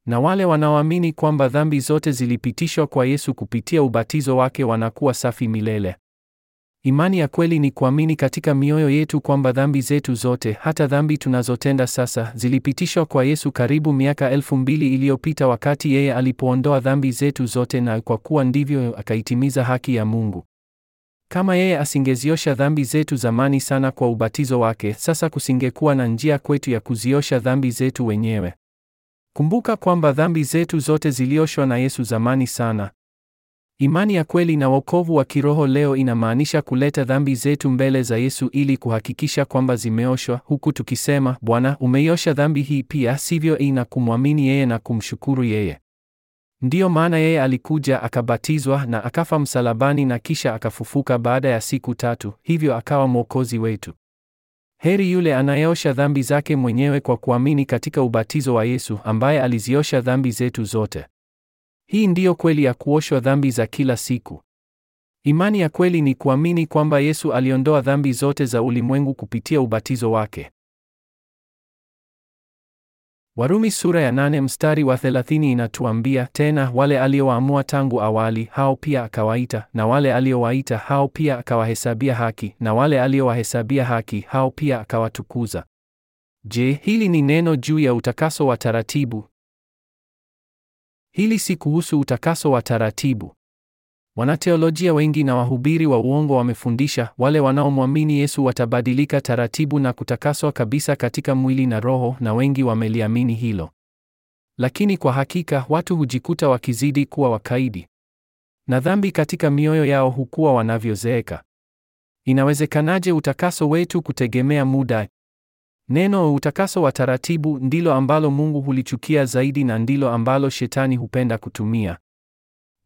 Speaker 2: Na wale wanaoamini kwamba dhambi zote zilipitishwa kwa Yesu kupitia ubatizo wake wanakuwa safi milele. Imani ya kweli ni kuamini katika mioyo yetu kwamba dhambi zetu zote, hata dhambi tunazotenda sasa, zilipitishwa kwa Yesu karibu miaka elfu mbili iliyopita wakati yeye alipoondoa dhambi zetu zote, na kwa kuwa ndivyo, akaitimiza haki ya Mungu. Kama yeye asingeziosha dhambi zetu zamani sana kwa ubatizo wake, sasa kusingekuwa na njia kwetu ya kuziosha dhambi zetu wenyewe. Kumbuka kwamba dhambi zetu zote zilioshwa na Yesu zamani sana, Imani ya kweli na wokovu wa kiroho leo inamaanisha kuleta dhambi zetu mbele za Yesu ili kuhakikisha kwamba zimeoshwa, huku tukisema, Bwana, umeiosha dhambi hii pia, sivyo? Ina kumwamini yeye na kumshukuru yeye. Ndiyo maana yeye alikuja akabatizwa na akafa msalabani na kisha akafufuka baada ya siku tatu, hivyo akawa mwokozi wetu. Heri yule anayeosha dhambi zake mwenyewe kwa kuamini katika ubatizo wa Yesu ambaye aliziosha dhambi zetu zote. Hii ndiyo kweli ya kuoshwa dhambi za kila siku. Imani ya kweli ni kuamini kwamba Yesu aliondoa dhambi zote za ulimwengu kupitia ubatizo wake. Warumi sura ya nane mstari wa thelathini inatuambia tena, wale aliowaamua tangu awali, hao pia akawaita; na wale aliowaita, hao pia akawahesabia haki; na wale aliowahesabia haki, hao pia akawatukuza. Je, hili ni neno juu ya utakaso wa taratibu? Hili si kuhusu utakaso wa taratibu. Wanateolojia wengi na wahubiri wa uongo wamefundisha wale wanaomwamini Yesu watabadilika taratibu na kutakaswa kabisa katika mwili na roho, na wengi wameliamini hilo. Lakini kwa hakika watu hujikuta wakizidi kuwa wakaidi na dhambi katika mioyo yao, hukuwa wanavyozeeka. Inawezekanaje utakaso wetu kutegemea muda? Neno utakaso wa taratibu ndilo ambalo Mungu hulichukia zaidi na ndilo ambalo shetani hupenda kutumia.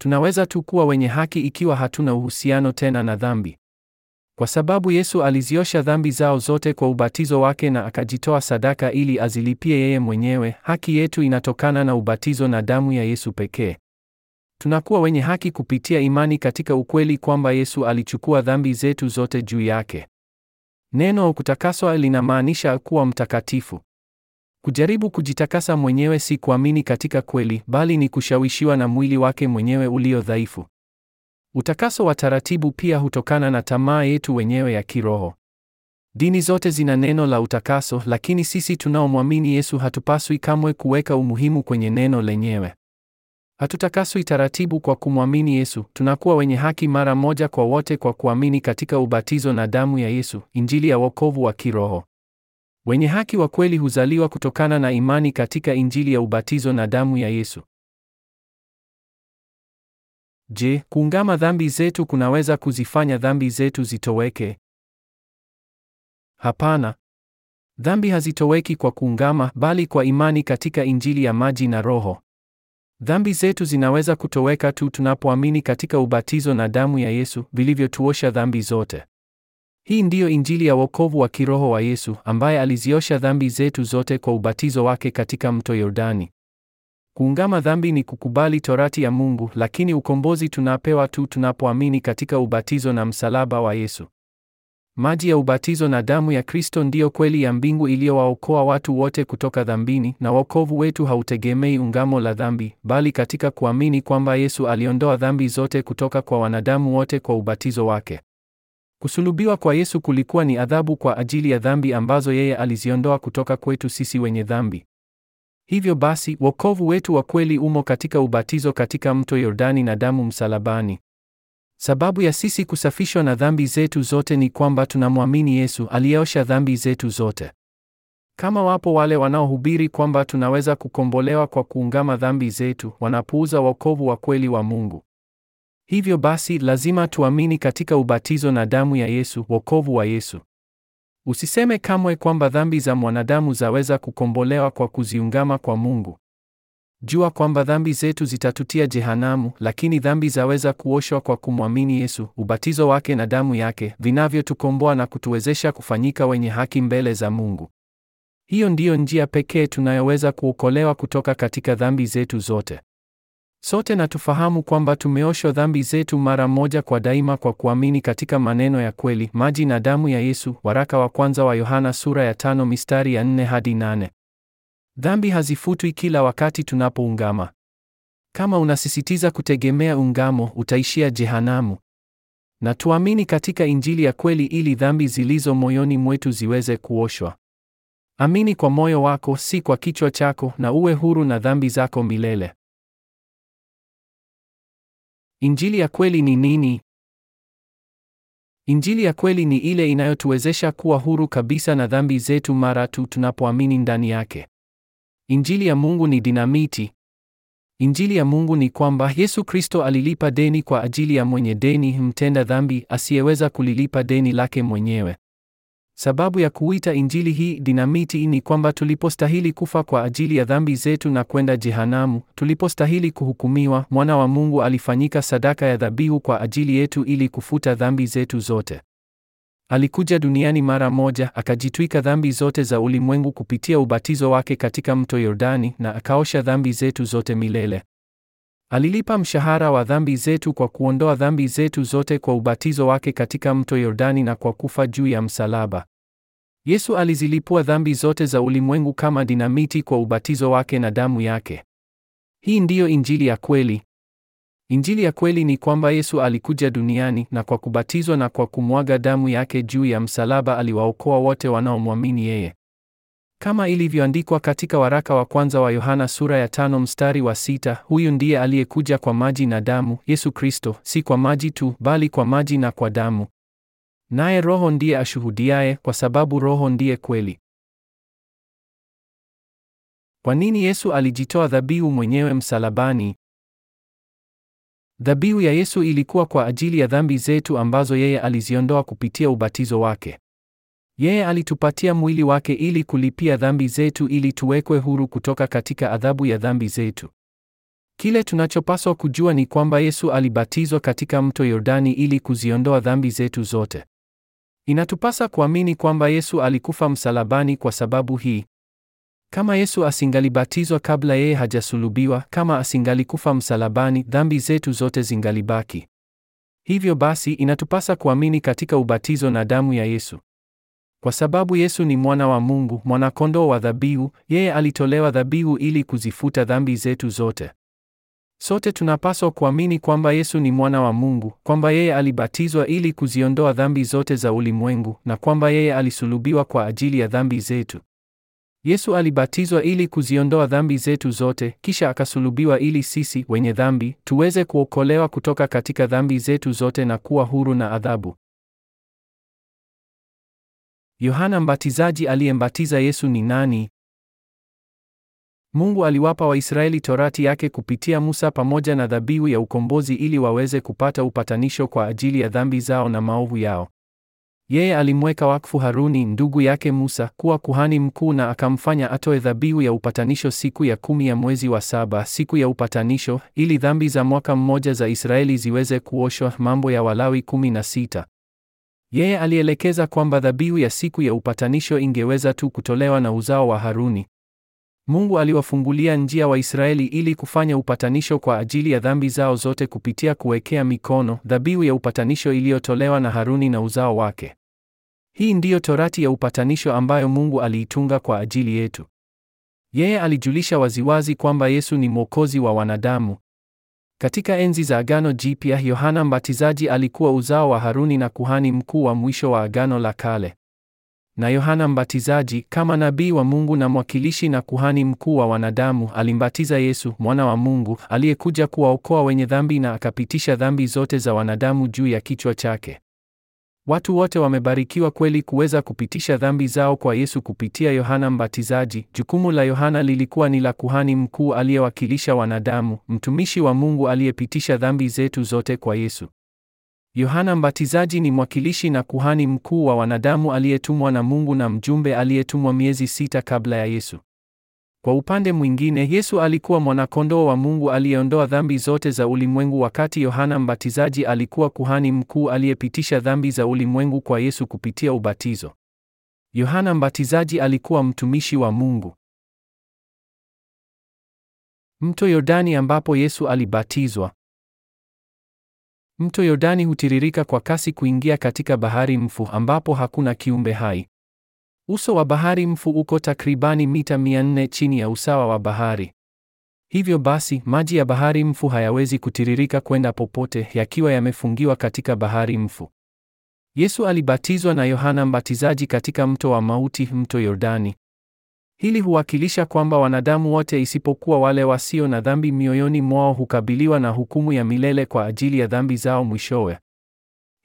Speaker 2: Tunaweza tu kuwa wenye haki ikiwa hatuna uhusiano tena na dhambi. Kwa sababu Yesu aliziosha dhambi zao zote kwa ubatizo wake na akajitoa sadaka ili azilipie yeye mwenyewe, haki yetu inatokana na ubatizo na damu ya Yesu pekee. Tunakuwa wenye haki kupitia imani katika ukweli kwamba Yesu alichukua dhambi zetu zote juu yake. Neno kutakaswa linamaanisha kuwa mtakatifu. Kujaribu kujitakasa mwenyewe si kuamini katika kweli, bali ni kushawishiwa na mwili wake mwenyewe ulio dhaifu. Utakaso wa taratibu pia hutokana na tamaa yetu wenyewe ya kiroho. Dini zote zina neno la utakaso, lakini sisi tunaomwamini Yesu hatupaswi kamwe kuweka umuhimu kwenye neno lenyewe. Hatutakaswi taratibu kwa kumwamini Yesu, tunakuwa wenye haki mara moja kwa wote kwa kuamini katika ubatizo na damu ya Yesu, injili ya wokovu wa kiroho. Wenye haki wa kweli huzaliwa kutokana na imani katika injili ya ubatizo na damu ya Yesu.
Speaker 1: Je, kuungama dhambi zetu kunaweza kuzifanya dhambi zetu zitoweke? Hapana. Dhambi hazitoweki
Speaker 2: kwa kuungama bali kwa imani katika injili ya maji na Roho. Dhambi zetu zinaweza kutoweka tu tunapoamini katika ubatizo na damu ya Yesu vilivyotuosha dhambi zote. Hii ndiyo Injili ya wokovu wa kiroho wa Yesu ambaye aliziosha dhambi zetu zote kwa ubatizo wake katika mto Yordani. Kuungama dhambi ni kukubali torati ya Mungu, lakini ukombozi tunapewa tu tunapoamini katika ubatizo na msalaba wa Yesu. Maji ya ubatizo na damu ya Kristo ndiyo kweli ya mbingu iliyowaokoa watu wote kutoka dhambini, na wokovu wetu hautegemei ungamo la dhambi, bali katika kuamini kwamba Yesu aliondoa dhambi zote kutoka kwa wanadamu wote kwa ubatizo wake. Kusulubiwa kwa Yesu kulikuwa ni adhabu kwa ajili ya dhambi ambazo yeye aliziondoa kutoka kwetu sisi wenye dhambi. Hivyo basi, wokovu wetu wa kweli umo katika ubatizo katika mto Yordani na damu msalabani. Sababu ya sisi kusafishwa na dhambi zetu zote ni kwamba tunamwamini Yesu aliyeosha dhambi zetu zote. Kama wapo wale wanaohubiri kwamba tunaweza kukombolewa kwa kuungama dhambi zetu, wanapuuza wokovu wa kweli wa Mungu. Hivyo basi, lazima tuamini katika ubatizo na damu ya Yesu, wokovu wa Yesu. Usiseme kamwe kwamba dhambi za mwanadamu zaweza kukombolewa kwa kuziungama kwa Mungu. Jua kwamba dhambi zetu zitatutia jehanamu, lakini dhambi zaweza kuoshwa kwa kumwamini Yesu, ubatizo wake na damu yake, vinavyotukomboa na kutuwezesha kufanyika wenye haki mbele za Mungu. Hiyo ndiyo njia pekee tunayoweza kuokolewa kutoka katika dhambi zetu zote. Sote na tufahamu kwamba tumeoshwa dhambi zetu mara moja kwa daima kwa kuamini katika maneno ya kweli, maji na damu ya Yesu, waraka wa kwanza wa Yohana sura ya tano mistari ya nne hadi nane. Dhambi hazifutwi kila wakati tunapoungama. Kama unasisitiza kutegemea ungamo, utaishia jehanamu. Na tuamini katika Injili ya kweli ili dhambi zilizo moyoni mwetu ziweze kuoshwa. Amini kwa
Speaker 1: moyo wako, si kwa kichwa chako, na uwe huru na dhambi zako milele. Injili ya kweli ni nini?
Speaker 2: Injili ya kweli ni ile inayotuwezesha kuwa huru kabisa na dhambi zetu mara tu tunapoamini ndani yake. Injili ya Mungu ni dinamiti. Injili ya Mungu ni kwamba Yesu Kristo alilipa deni kwa ajili ya mwenye deni, mtenda dhambi asiyeweza kulilipa deni lake mwenyewe. Sababu ya kuita injili hii dinamiti ni kwamba tulipostahili kufa kwa ajili ya dhambi zetu na kwenda jehanamu, tulipostahili kuhukumiwa, mwana wa Mungu alifanyika sadaka ya dhabihu kwa ajili yetu ili kufuta dhambi zetu zote. Alikuja duniani mara moja, akajitwika dhambi zote za ulimwengu kupitia ubatizo wake katika mto Yordani na akaosha dhambi zetu zote milele. Alilipa mshahara wa dhambi zetu kwa kuondoa dhambi zetu zote kwa ubatizo wake katika mto Yordani na kwa kufa juu ya msalaba. Yesu alizilipua dhambi zote za ulimwengu kama dinamiti kwa ubatizo wake na damu yake. Hii ndiyo Injili ya kweli. Injili ya kweli ni kwamba Yesu alikuja duniani na kwa kubatizwa na kwa kumwaga damu yake juu ya msalaba aliwaokoa wote wanaomwamini yeye. Kama ilivyoandikwa katika waraka wa kwanza wa Yohana sura ya tano mstari wa sita, huyu ndiye aliyekuja kwa maji na damu, Yesu Kristo, si kwa maji tu, bali kwa maji na kwa damu.
Speaker 1: Naye Roho ndiye ashuhudiaye, kwa sababu Roho ndiye kweli. Kwa nini Yesu alijitoa dhabihu mwenyewe msalabani?
Speaker 2: Dhabihu ya Yesu ilikuwa kwa ajili ya dhambi zetu ambazo yeye aliziondoa kupitia ubatizo wake. Yeye alitupatia mwili wake ili kulipia dhambi zetu ili tuwekwe huru kutoka katika adhabu ya dhambi zetu. Kile tunachopaswa kujua ni kwamba Yesu alibatizwa katika mto Yordani ili kuziondoa dhambi zetu zote. Inatupasa kuamini kwamba Yesu alikufa msalabani kwa sababu hii, kama Yesu asingalibatizwa kabla yeye hajasulubiwa, kama asingalikufa msalabani, dhambi zetu zote zingalibaki. Hivyo basi inatupasa kuamini katika ubatizo na damu ya Yesu. Kwa sababu Yesu ni mwana wa Mungu, mwanakondoo wa dhabihu, yeye alitolewa dhabihu ili kuzifuta dhambi zetu zote. Sote tunapaswa kuamini kwamba Yesu ni mwana wa Mungu, kwamba yeye alibatizwa ili kuziondoa dhambi zote za ulimwengu na kwamba yeye alisulubiwa kwa ajili ya dhambi zetu. Yesu alibatizwa ili kuziondoa dhambi zetu zote, kisha akasulubiwa ili sisi wenye dhambi tuweze kuokolewa kutoka katika dhambi zetu zote na kuwa huru na adhabu.
Speaker 1: Yohana Mbatizaji aliyembatiza Yesu ni nani? Mungu aliwapa Waisraeli torati yake kupitia Musa pamoja
Speaker 2: na dhabihu ya ukombozi ili waweze kupata upatanisho kwa ajili ya dhambi zao na maovu yao. Yeye alimweka wakfu Haruni ndugu yake Musa kuwa kuhani mkuu na akamfanya atoe dhabihu ya upatanisho siku ya kumi ya mwezi wa saba, siku ya upatanisho, ili dhambi za mwaka mmoja za Israeli ziweze kuoshwa. Mambo ya Walawi sita. Yeye alielekeza kwamba dhabihu ya siku ya upatanisho ingeweza tu kutolewa na uzao wa Haruni Mungu aliwafungulia njia Waisraeli ili kufanya upatanisho kwa ajili ya dhambi zao zote kupitia kuwekea mikono dhabihu ya upatanisho iliyotolewa na Haruni na uzao wake. Hii ndiyo torati ya upatanisho ambayo Mungu aliitunga kwa ajili yetu. Yeye alijulisha waziwazi kwamba Yesu ni mwokozi wa wanadamu. Katika enzi za Agano Jipya, Yohana Mbatizaji alikuwa uzao wa Haruni na kuhani mkuu wa mwisho wa Agano la Kale na Yohana Mbatizaji kama nabii wa Mungu na mwakilishi na kuhani mkuu wa wanadamu alimbatiza Yesu mwana wa Mungu aliyekuja kuwaokoa wenye dhambi na akapitisha dhambi zote za wanadamu juu ya kichwa chake. Watu wote wamebarikiwa kweli kuweza kupitisha dhambi zao kwa Yesu kupitia Yohana Mbatizaji. Jukumu la Yohana lilikuwa ni la kuhani mkuu aliyewakilisha wanadamu, mtumishi wa Mungu aliyepitisha dhambi zetu zote kwa Yesu. Yohana Mbatizaji ni mwakilishi na kuhani mkuu wa wanadamu aliyetumwa na Mungu na mjumbe aliyetumwa miezi sita kabla ya Yesu. Kwa upande mwingine, Yesu alikuwa mwanakondoo wa Mungu aliyeondoa dhambi zote za ulimwengu, wakati Yohana Mbatizaji alikuwa kuhani mkuu aliyepitisha dhambi za ulimwengu kwa Yesu kupitia ubatizo. Yohana Mbatizaji alikuwa mtumishi wa Mungu.
Speaker 1: Mto Yordani ambapo Yesu alibatizwa. Mto Yordani hutiririka kwa kasi kuingia katika
Speaker 2: bahari mfu ambapo hakuna kiumbe hai. Uso wa bahari mfu uko takribani mita 400 chini ya usawa wa bahari. Hivyo basi, maji ya bahari mfu hayawezi kutiririka kwenda popote yakiwa yamefungiwa katika bahari mfu. Yesu alibatizwa na Yohana Mbatizaji katika mto wa mauti, mto Yordani. Hili huwakilisha kwamba wanadamu wote isipokuwa wale wasio na dhambi mioyoni mwao hukabiliwa na hukumu ya milele kwa ajili ya dhambi zao mwishowe.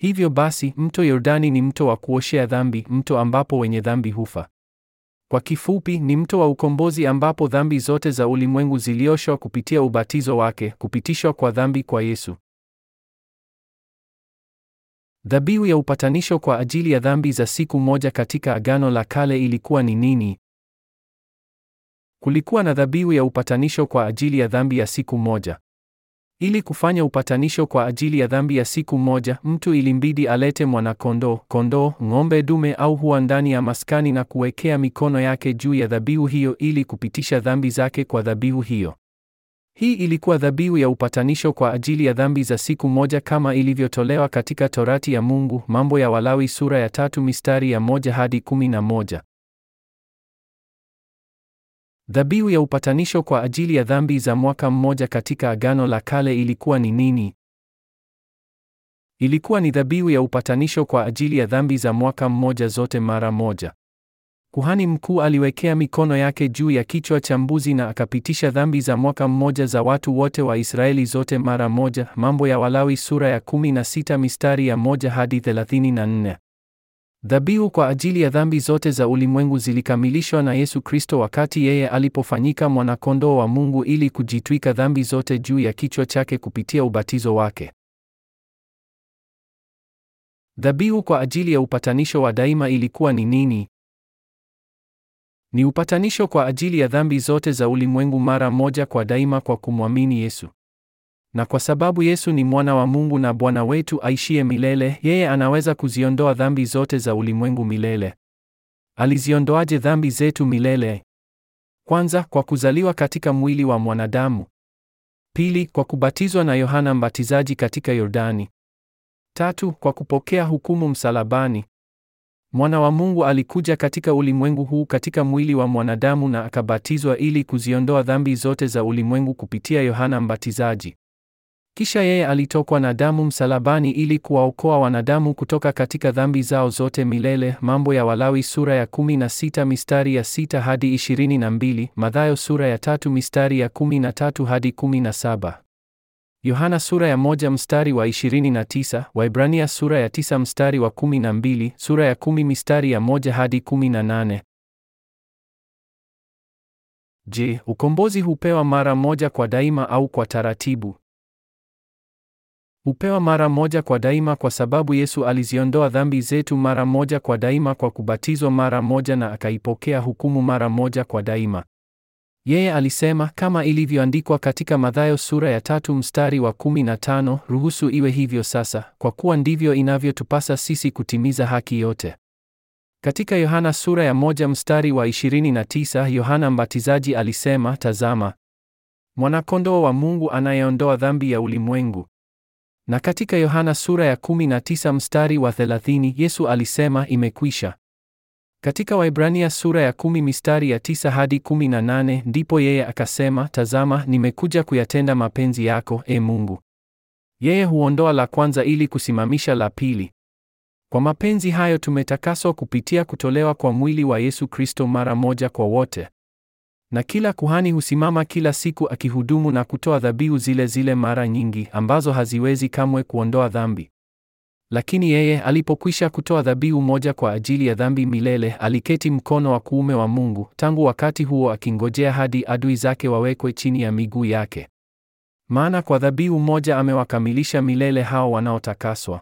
Speaker 2: Hivyo basi, mto Yordani ni mto wa kuoshea dhambi, mto ambapo wenye dhambi hufa. Kwa kifupi, ni mto wa ukombozi ambapo dhambi zote za ulimwengu zilioshwa kupitia ubatizo wake, kupitishwa kwa dhambi kwa Yesu. Dhabihu ya upatanisho kwa ajili ya dhambi za siku moja katika Agano la Kale ilikuwa ni nini? Kulikuwa na dhabihu ya upatanisho kwa ajili ya dhambi ya siku moja. Ili kufanya upatanisho kwa ajili ya dhambi ya siku moja, mtu ilimbidi alete mwanakondoo, kondoo, ng'ombe dume au hua ndani ya maskani na kuwekea mikono yake juu ya dhabihu hiyo ili kupitisha dhambi zake kwa dhabihu hiyo. Hii ilikuwa dhabihu ya upatanisho kwa ajili ya dhambi za siku moja kama ilivyotolewa katika Torati ya Mungu, Mambo ya Walawi sura ya tatu mistari ya moja hadi kumi na moja. Dhabihu ya upatanisho kwa ajili ya dhambi za mwaka mmoja katika Agano la Kale ilikuwa ni nini? Ilikuwa ni dhabihu ya upatanisho kwa ajili ya dhambi za mwaka mmoja zote mara moja. Kuhani mkuu aliwekea mikono yake juu ya kichwa cha mbuzi na akapitisha dhambi za mwaka mmoja za watu wote wa Israeli zote mara moja. Mambo ya Walawi sura ya 16 mistari ya 1 hadi 34. Dhabihu kwa ajili ya dhambi zote za ulimwengu zilikamilishwa na Yesu Kristo wakati yeye alipofanyika mwanakondoo wa Mungu ili kujitwika dhambi zote juu ya kichwa chake
Speaker 1: kupitia ubatizo wake. Dhabihu kwa ajili ya upatanisho wa daima ilikuwa ni nini? Ni upatanisho
Speaker 2: kwa ajili ya dhambi zote za ulimwengu mara moja kwa daima kwa kumwamini Yesu. Na kwa sababu Yesu ni mwana wa Mungu na Bwana wetu aishiye milele, yeye anaweza kuziondoa dhambi zote za ulimwengu milele. Aliziondoaje dhambi zetu milele? Kwanza, kwa kuzaliwa katika mwili wa mwanadamu. Pili, kwa kubatizwa na Yohana Mbatizaji katika Yordani. Tatu, kwa kupokea hukumu msalabani. Mwana wa Mungu alikuja katika ulimwengu huu katika mwili wa mwanadamu na akabatizwa ili kuziondoa dhambi zote za ulimwengu kupitia Yohana Mbatizaji. Kisha yeye alitokwa na damu msalabani ili kuwaokoa wanadamu kutoka katika dhambi zao zote milele. Mambo ya Walawi sura ya 16 mistari ya 6 hadi 22, Mathayo sura ya 3 mistari ya 13 hadi 17, Yohana sura ya 1 mstari wa 29, Waibrania sura ya 9 mstari wa 12, sura ya 10 mistari ya 1 hadi 18. Je, ukombozi hupewa mara moja kwa daima au kwa taratibu? hupewa mara moja kwa daima kwa sababu Yesu aliziondoa dhambi zetu mara moja kwa daima kwa kubatizwa mara moja na akaipokea hukumu mara moja kwa daima. Yeye alisema kama ilivyoandikwa katika Mathayo sura ya tatu mstari wa kumi na tano, ruhusu iwe hivyo sasa, kwa kuwa ndivyo inavyotupasa sisi kutimiza haki yote. Katika Yohana sura ya moja mstari wa 29, Yohana Mbatizaji alisema, tazama mwanakondoo wa Mungu anayeondoa dhambi ya ulimwengu. Na katika Yohana sura ya 19 mstari wa 30 Yesu alisema imekwisha. Katika Waibrania sura ya 10 mistari ya 9 hadi 18 ndipo yeye akasema, tazama, nimekuja kuyatenda mapenzi yako, e Mungu. Yeye huondoa la kwanza ili kusimamisha la pili. Kwa mapenzi hayo tumetakaswa kupitia kutolewa kwa mwili wa Yesu Kristo mara moja kwa wote. Na kila kuhani husimama kila siku akihudumu na kutoa dhabihu zile zile mara nyingi ambazo haziwezi kamwe kuondoa dhambi. Lakini yeye alipokwisha kutoa dhabihu moja kwa ajili ya dhambi milele, aliketi mkono wa kuume wa Mungu, tangu wakati huo akingojea hadi adui zake wawekwe chini ya miguu yake. Maana kwa dhabihu moja amewakamilisha milele hao wanaotakaswa.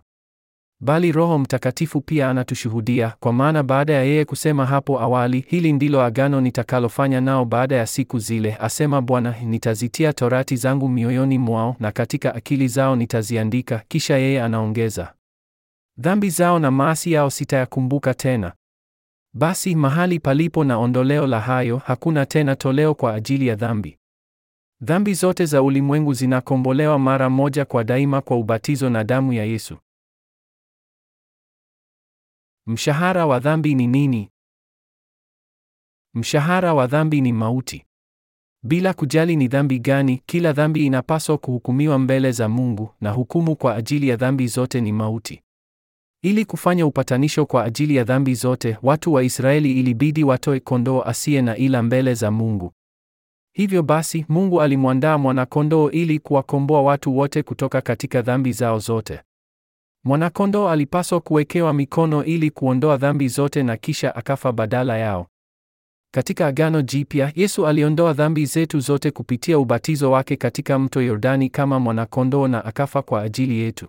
Speaker 2: Bali Roho Mtakatifu pia anatushuhudia, kwa maana baada ya yeye kusema hapo awali, hili ndilo agano nitakalofanya nao baada ya siku zile, asema Bwana, nitazitia torati zangu mioyoni mwao na katika akili zao nitaziandika. Kisha yeye anaongeza, dhambi zao na maasi yao sitayakumbuka tena. Basi mahali palipo na ondoleo la hayo, hakuna tena toleo kwa ajili ya dhambi. Dhambi zote za ulimwengu zinakombolewa
Speaker 1: mara moja kwa daima kwa ubatizo na damu ya Yesu. Mshahara wa dhambi ni nini? Mshahara wa
Speaker 2: dhambi ni mauti. Bila kujali ni dhambi gani, kila dhambi inapaswa kuhukumiwa mbele za Mungu, na hukumu kwa ajili ya dhambi zote ni mauti. Ili kufanya upatanisho kwa ajili ya dhambi zote, watu wa Israeli ilibidi watoe kondoo asiye na ila mbele za Mungu. Hivyo basi, Mungu alimwandaa mwana kondoo ili kuwakomboa watu wote kutoka katika dhambi zao zote. Mwanakondoo alipaswa kuwekewa mikono ili kuondoa dhambi zote na kisha akafa badala yao. Katika Agano Jipya, Yesu aliondoa dhambi zetu zote kupitia ubatizo wake katika mto Yordani kama mwanakondoo na akafa kwa ajili yetu.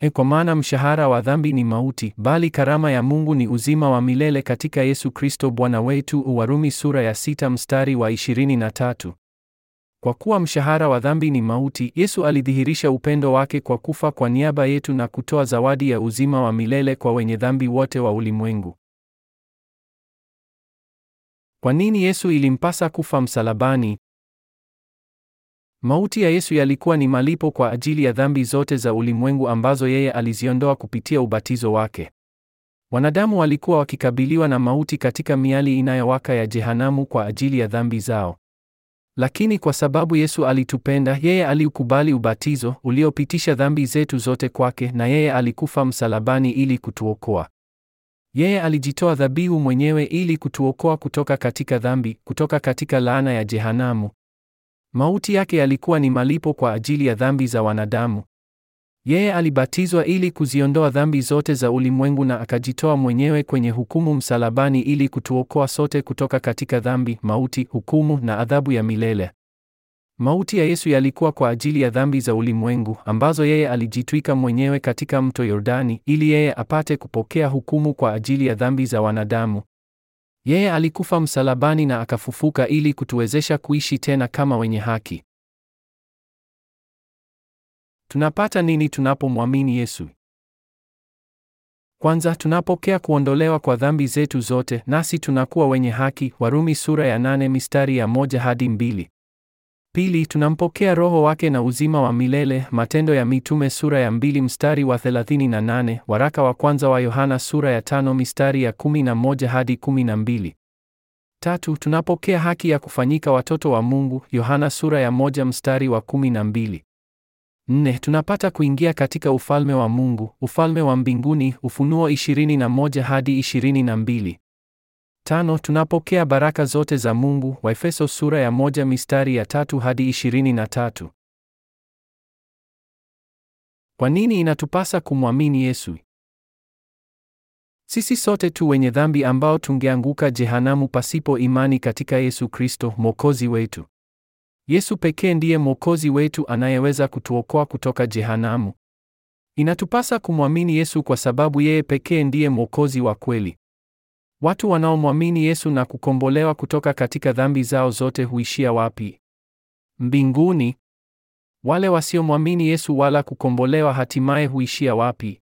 Speaker 2: E, kwa maana mshahara wa dhambi ni mauti, bali karama ya Mungu ni uzima wa milele katika Yesu Kristo Bwana wetu. Warumi sura ya sita mstari wa 23. Kwa kuwa mshahara wa dhambi ni mauti, Yesu alidhihirisha upendo wake kwa kufa kwa niaba yetu na kutoa zawadi ya uzima wa milele kwa wenye
Speaker 1: dhambi wote wa ulimwengu. Kwa nini Yesu ilimpasa kufa msalabani? Mauti ya Yesu yalikuwa ni malipo
Speaker 2: kwa ajili ya dhambi zote za ulimwengu ambazo yeye aliziondoa kupitia ubatizo wake. Wanadamu walikuwa wakikabiliwa na mauti katika miali inayowaka ya jehanamu kwa ajili ya dhambi zao. Lakini kwa sababu Yesu alitupenda, yeye aliukubali ubatizo uliopitisha dhambi zetu zote kwake, na yeye alikufa msalabani ili kutuokoa. Yeye alijitoa dhabihu mwenyewe ili kutuokoa kutoka katika dhambi, kutoka katika laana ya jehanamu. Mauti yake yalikuwa ni malipo kwa ajili ya dhambi za wanadamu. Yeye alibatizwa ili kuziondoa dhambi zote za ulimwengu na akajitoa mwenyewe kwenye hukumu msalabani ili kutuokoa sote kutoka katika dhambi, mauti, hukumu na adhabu ya milele. Mauti ya Yesu yalikuwa kwa ajili ya dhambi za ulimwengu ambazo yeye alijitwika mwenyewe katika mto Yordani ili yeye apate kupokea hukumu kwa ajili ya dhambi za wanadamu. Yeye alikufa msalabani na akafufuka
Speaker 1: ili kutuwezesha kuishi tena kama wenye haki. Tunapata nini tunapomwamini Yesu? Kwanza
Speaker 2: tunapokea kuondolewa kwa dhambi zetu zote, nasi tunakuwa wenye haki, Warumi sura ya nane mistari ya moja hadi mbili. Pili, tunampokea Roho wake na uzima wa milele, Matendo ya Mitume sura ya mbili mstari wa 38, waraka wa kwanza wa Yohana sura ya tano mistari ya na moja hadi 12. Tatu, tunapokea haki ya kufanyika watoto wa Mungu, Yohana sura ya moja mstari wa na mbili. Nne, tunapata kuingia katika ufalme wa Mungu, ufalme wa mbinguni, Ufunuo 21 hadi 22. Tano, tunapokea baraka zote za Mungu,
Speaker 1: Waefeso sura ya moja mistari ya tatu hadi 23. Kwa nini inatupasa kumwamini Yesu?
Speaker 2: Sisi sote tu wenye dhambi ambao tungeanguka jehanamu pasipo imani katika Yesu Kristo, Mwokozi wetu. Yesu pekee ndiye Mwokozi wetu anayeweza kutuokoa kutoka jehanamu. Inatupasa kumwamini Yesu kwa sababu yeye pekee ndiye Mwokozi wa kweli. Watu wanaomwamini Yesu na kukombolewa kutoka katika dhambi zao zote huishia wapi? Mbinguni. Wale wasiomwamini Yesu wala kukombolewa hatimaye huishia wapi?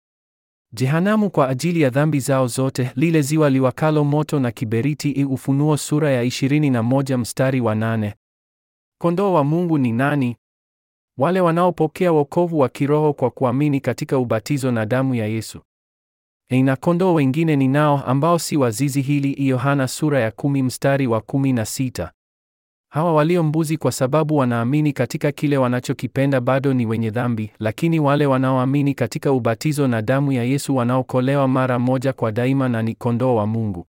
Speaker 2: Jehanamu kwa ajili ya dhambi zao zote, lile ziwa liwakalo moto na kiberiti. Ufunuo sura ya 21 mstari wa 8. Kondoo wa Mungu ni nani? Wale wanaopokea wokovu wa kiroho kwa kuamini katika ubatizo na damu ya Yesu. eina kondoo wengine ni nao ambao si wazizi hili, Yohana sura ya kumi mstari wa kumi na sita. Hawa walio mbuzi kwa sababu wanaamini katika kile wanachokipenda bado ni wenye dhambi, lakini wale wanaoamini katika ubatizo na damu ya Yesu wanaokolewa mara
Speaker 1: moja kwa daima na ni kondoo wa Mungu.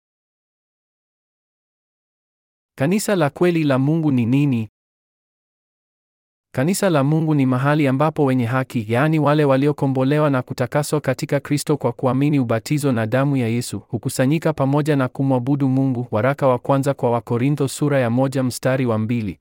Speaker 1: Kanisa la kweli la Mungu ni nini? Kanisa la Mungu ni mahali
Speaker 2: ambapo wenye haki, yaani wale waliokombolewa na kutakaswa katika Kristo kwa kuamini ubatizo na damu ya Yesu, hukusanyika pamoja na kumwabudu Mungu. Waraka wa kwanza kwa Wakorintho sura ya moja mstari wa mbili.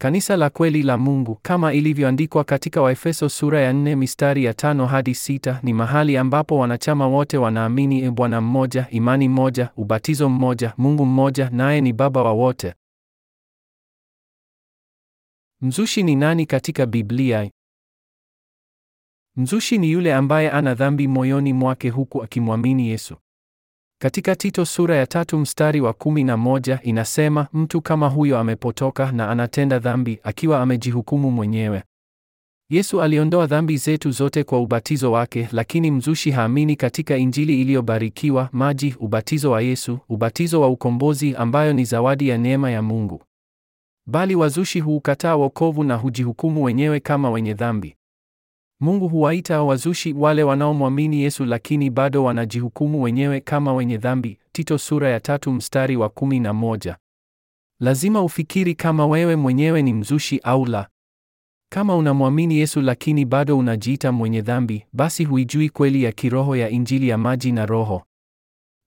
Speaker 2: Kanisa la kweli la Mungu kama ilivyoandikwa katika Waefeso sura ya nne mistari ya tano hadi sita ni mahali ambapo wanachama wote wanaamini e Bwana mmoja, imani moja, ubatizo mmoja, Mungu mmoja naye ni Baba wa wote.
Speaker 1: Mzushi ni nani katika Biblia? Mzushi ni yule ambaye ana dhambi moyoni mwake huku akimwamini
Speaker 2: Yesu. Katika Tito sura ya tatu mstari wa kumi na moja inasema, mtu kama huyo amepotoka na anatenda dhambi akiwa amejihukumu mwenyewe. Yesu aliondoa dhambi zetu zote kwa ubatizo wake, lakini mzushi haamini katika Injili iliyobarikiwa, maji, ubatizo wa Yesu, ubatizo wa ukombozi ambayo ni zawadi ya neema ya Mungu bali wazushi huukataa wokovu na hujihukumu wenyewe kama wenye dhambi. Mungu huwaita wazushi wale wanaomwamini Yesu lakini bado wanajihukumu wenyewe kama wenye dhambi. Tito sura ya tatu mstari wa kumi na moja. Lazima ufikiri kama wewe mwenyewe ni mzushi au la. Kama unamwamini Yesu lakini bado unajiita mwenye dhambi, basi huijui kweli ya kiroho ya Injili ya maji na Roho.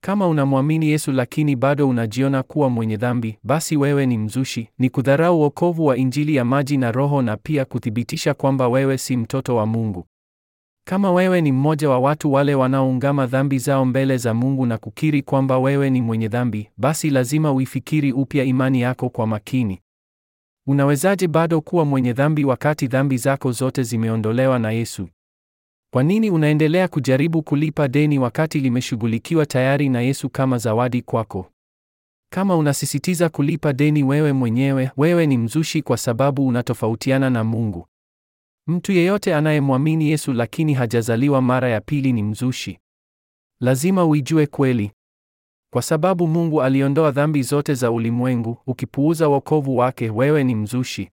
Speaker 2: Kama unamwamini Yesu lakini bado unajiona kuwa mwenye dhambi, basi wewe ni mzushi, ni kudharau wokovu wa Injili ya maji na Roho na pia kuthibitisha kwamba wewe si mtoto wa Mungu. Kama wewe ni mmoja wa watu wale wanaoungama dhambi zao mbele za Mungu na kukiri kwamba wewe ni mwenye dhambi, basi lazima uifikiri upya imani yako kwa makini. Unawezaje bado kuwa mwenye dhambi wakati dhambi zako zote zimeondolewa na Yesu? Kwa nini unaendelea kujaribu kulipa deni wakati limeshughulikiwa tayari na Yesu kama zawadi kwako? Kama unasisitiza kulipa deni wewe mwenyewe, wewe ni mzushi kwa sababu unatofautiana na Mungu. Mtu yeyote anayemwamini Yesu lakini hajazaliwa mara ya pili ni mzushi. Lazima uijue kweli. Kwa sababu Mungu aliondoa dhambi zote za ulimwengu, ukipuuza wokovu wake, wewe ni mzushi.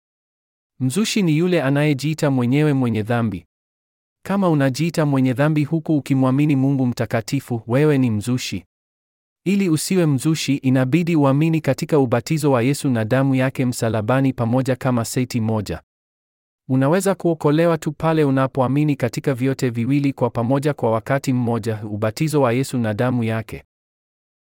Speaker 2: Mzushi ni yule anayejiita mwenyewe mwenye dhambi. Kama unajiita mwenye dhambi huku ukimwamini Mungu mtakatifu, wewe ni mzushi. Ili usiwe mzushi, inabidi uamini katika ubatizo wa Yesu na damu yake msalabani pamoja kama seti moja. Unaweza kuokolewa
Speaker 1: tu pale unapoamini katika vyote viwili kwa pamoja kwa wakati mmoja, ubatizo wa Yesu na damu yake.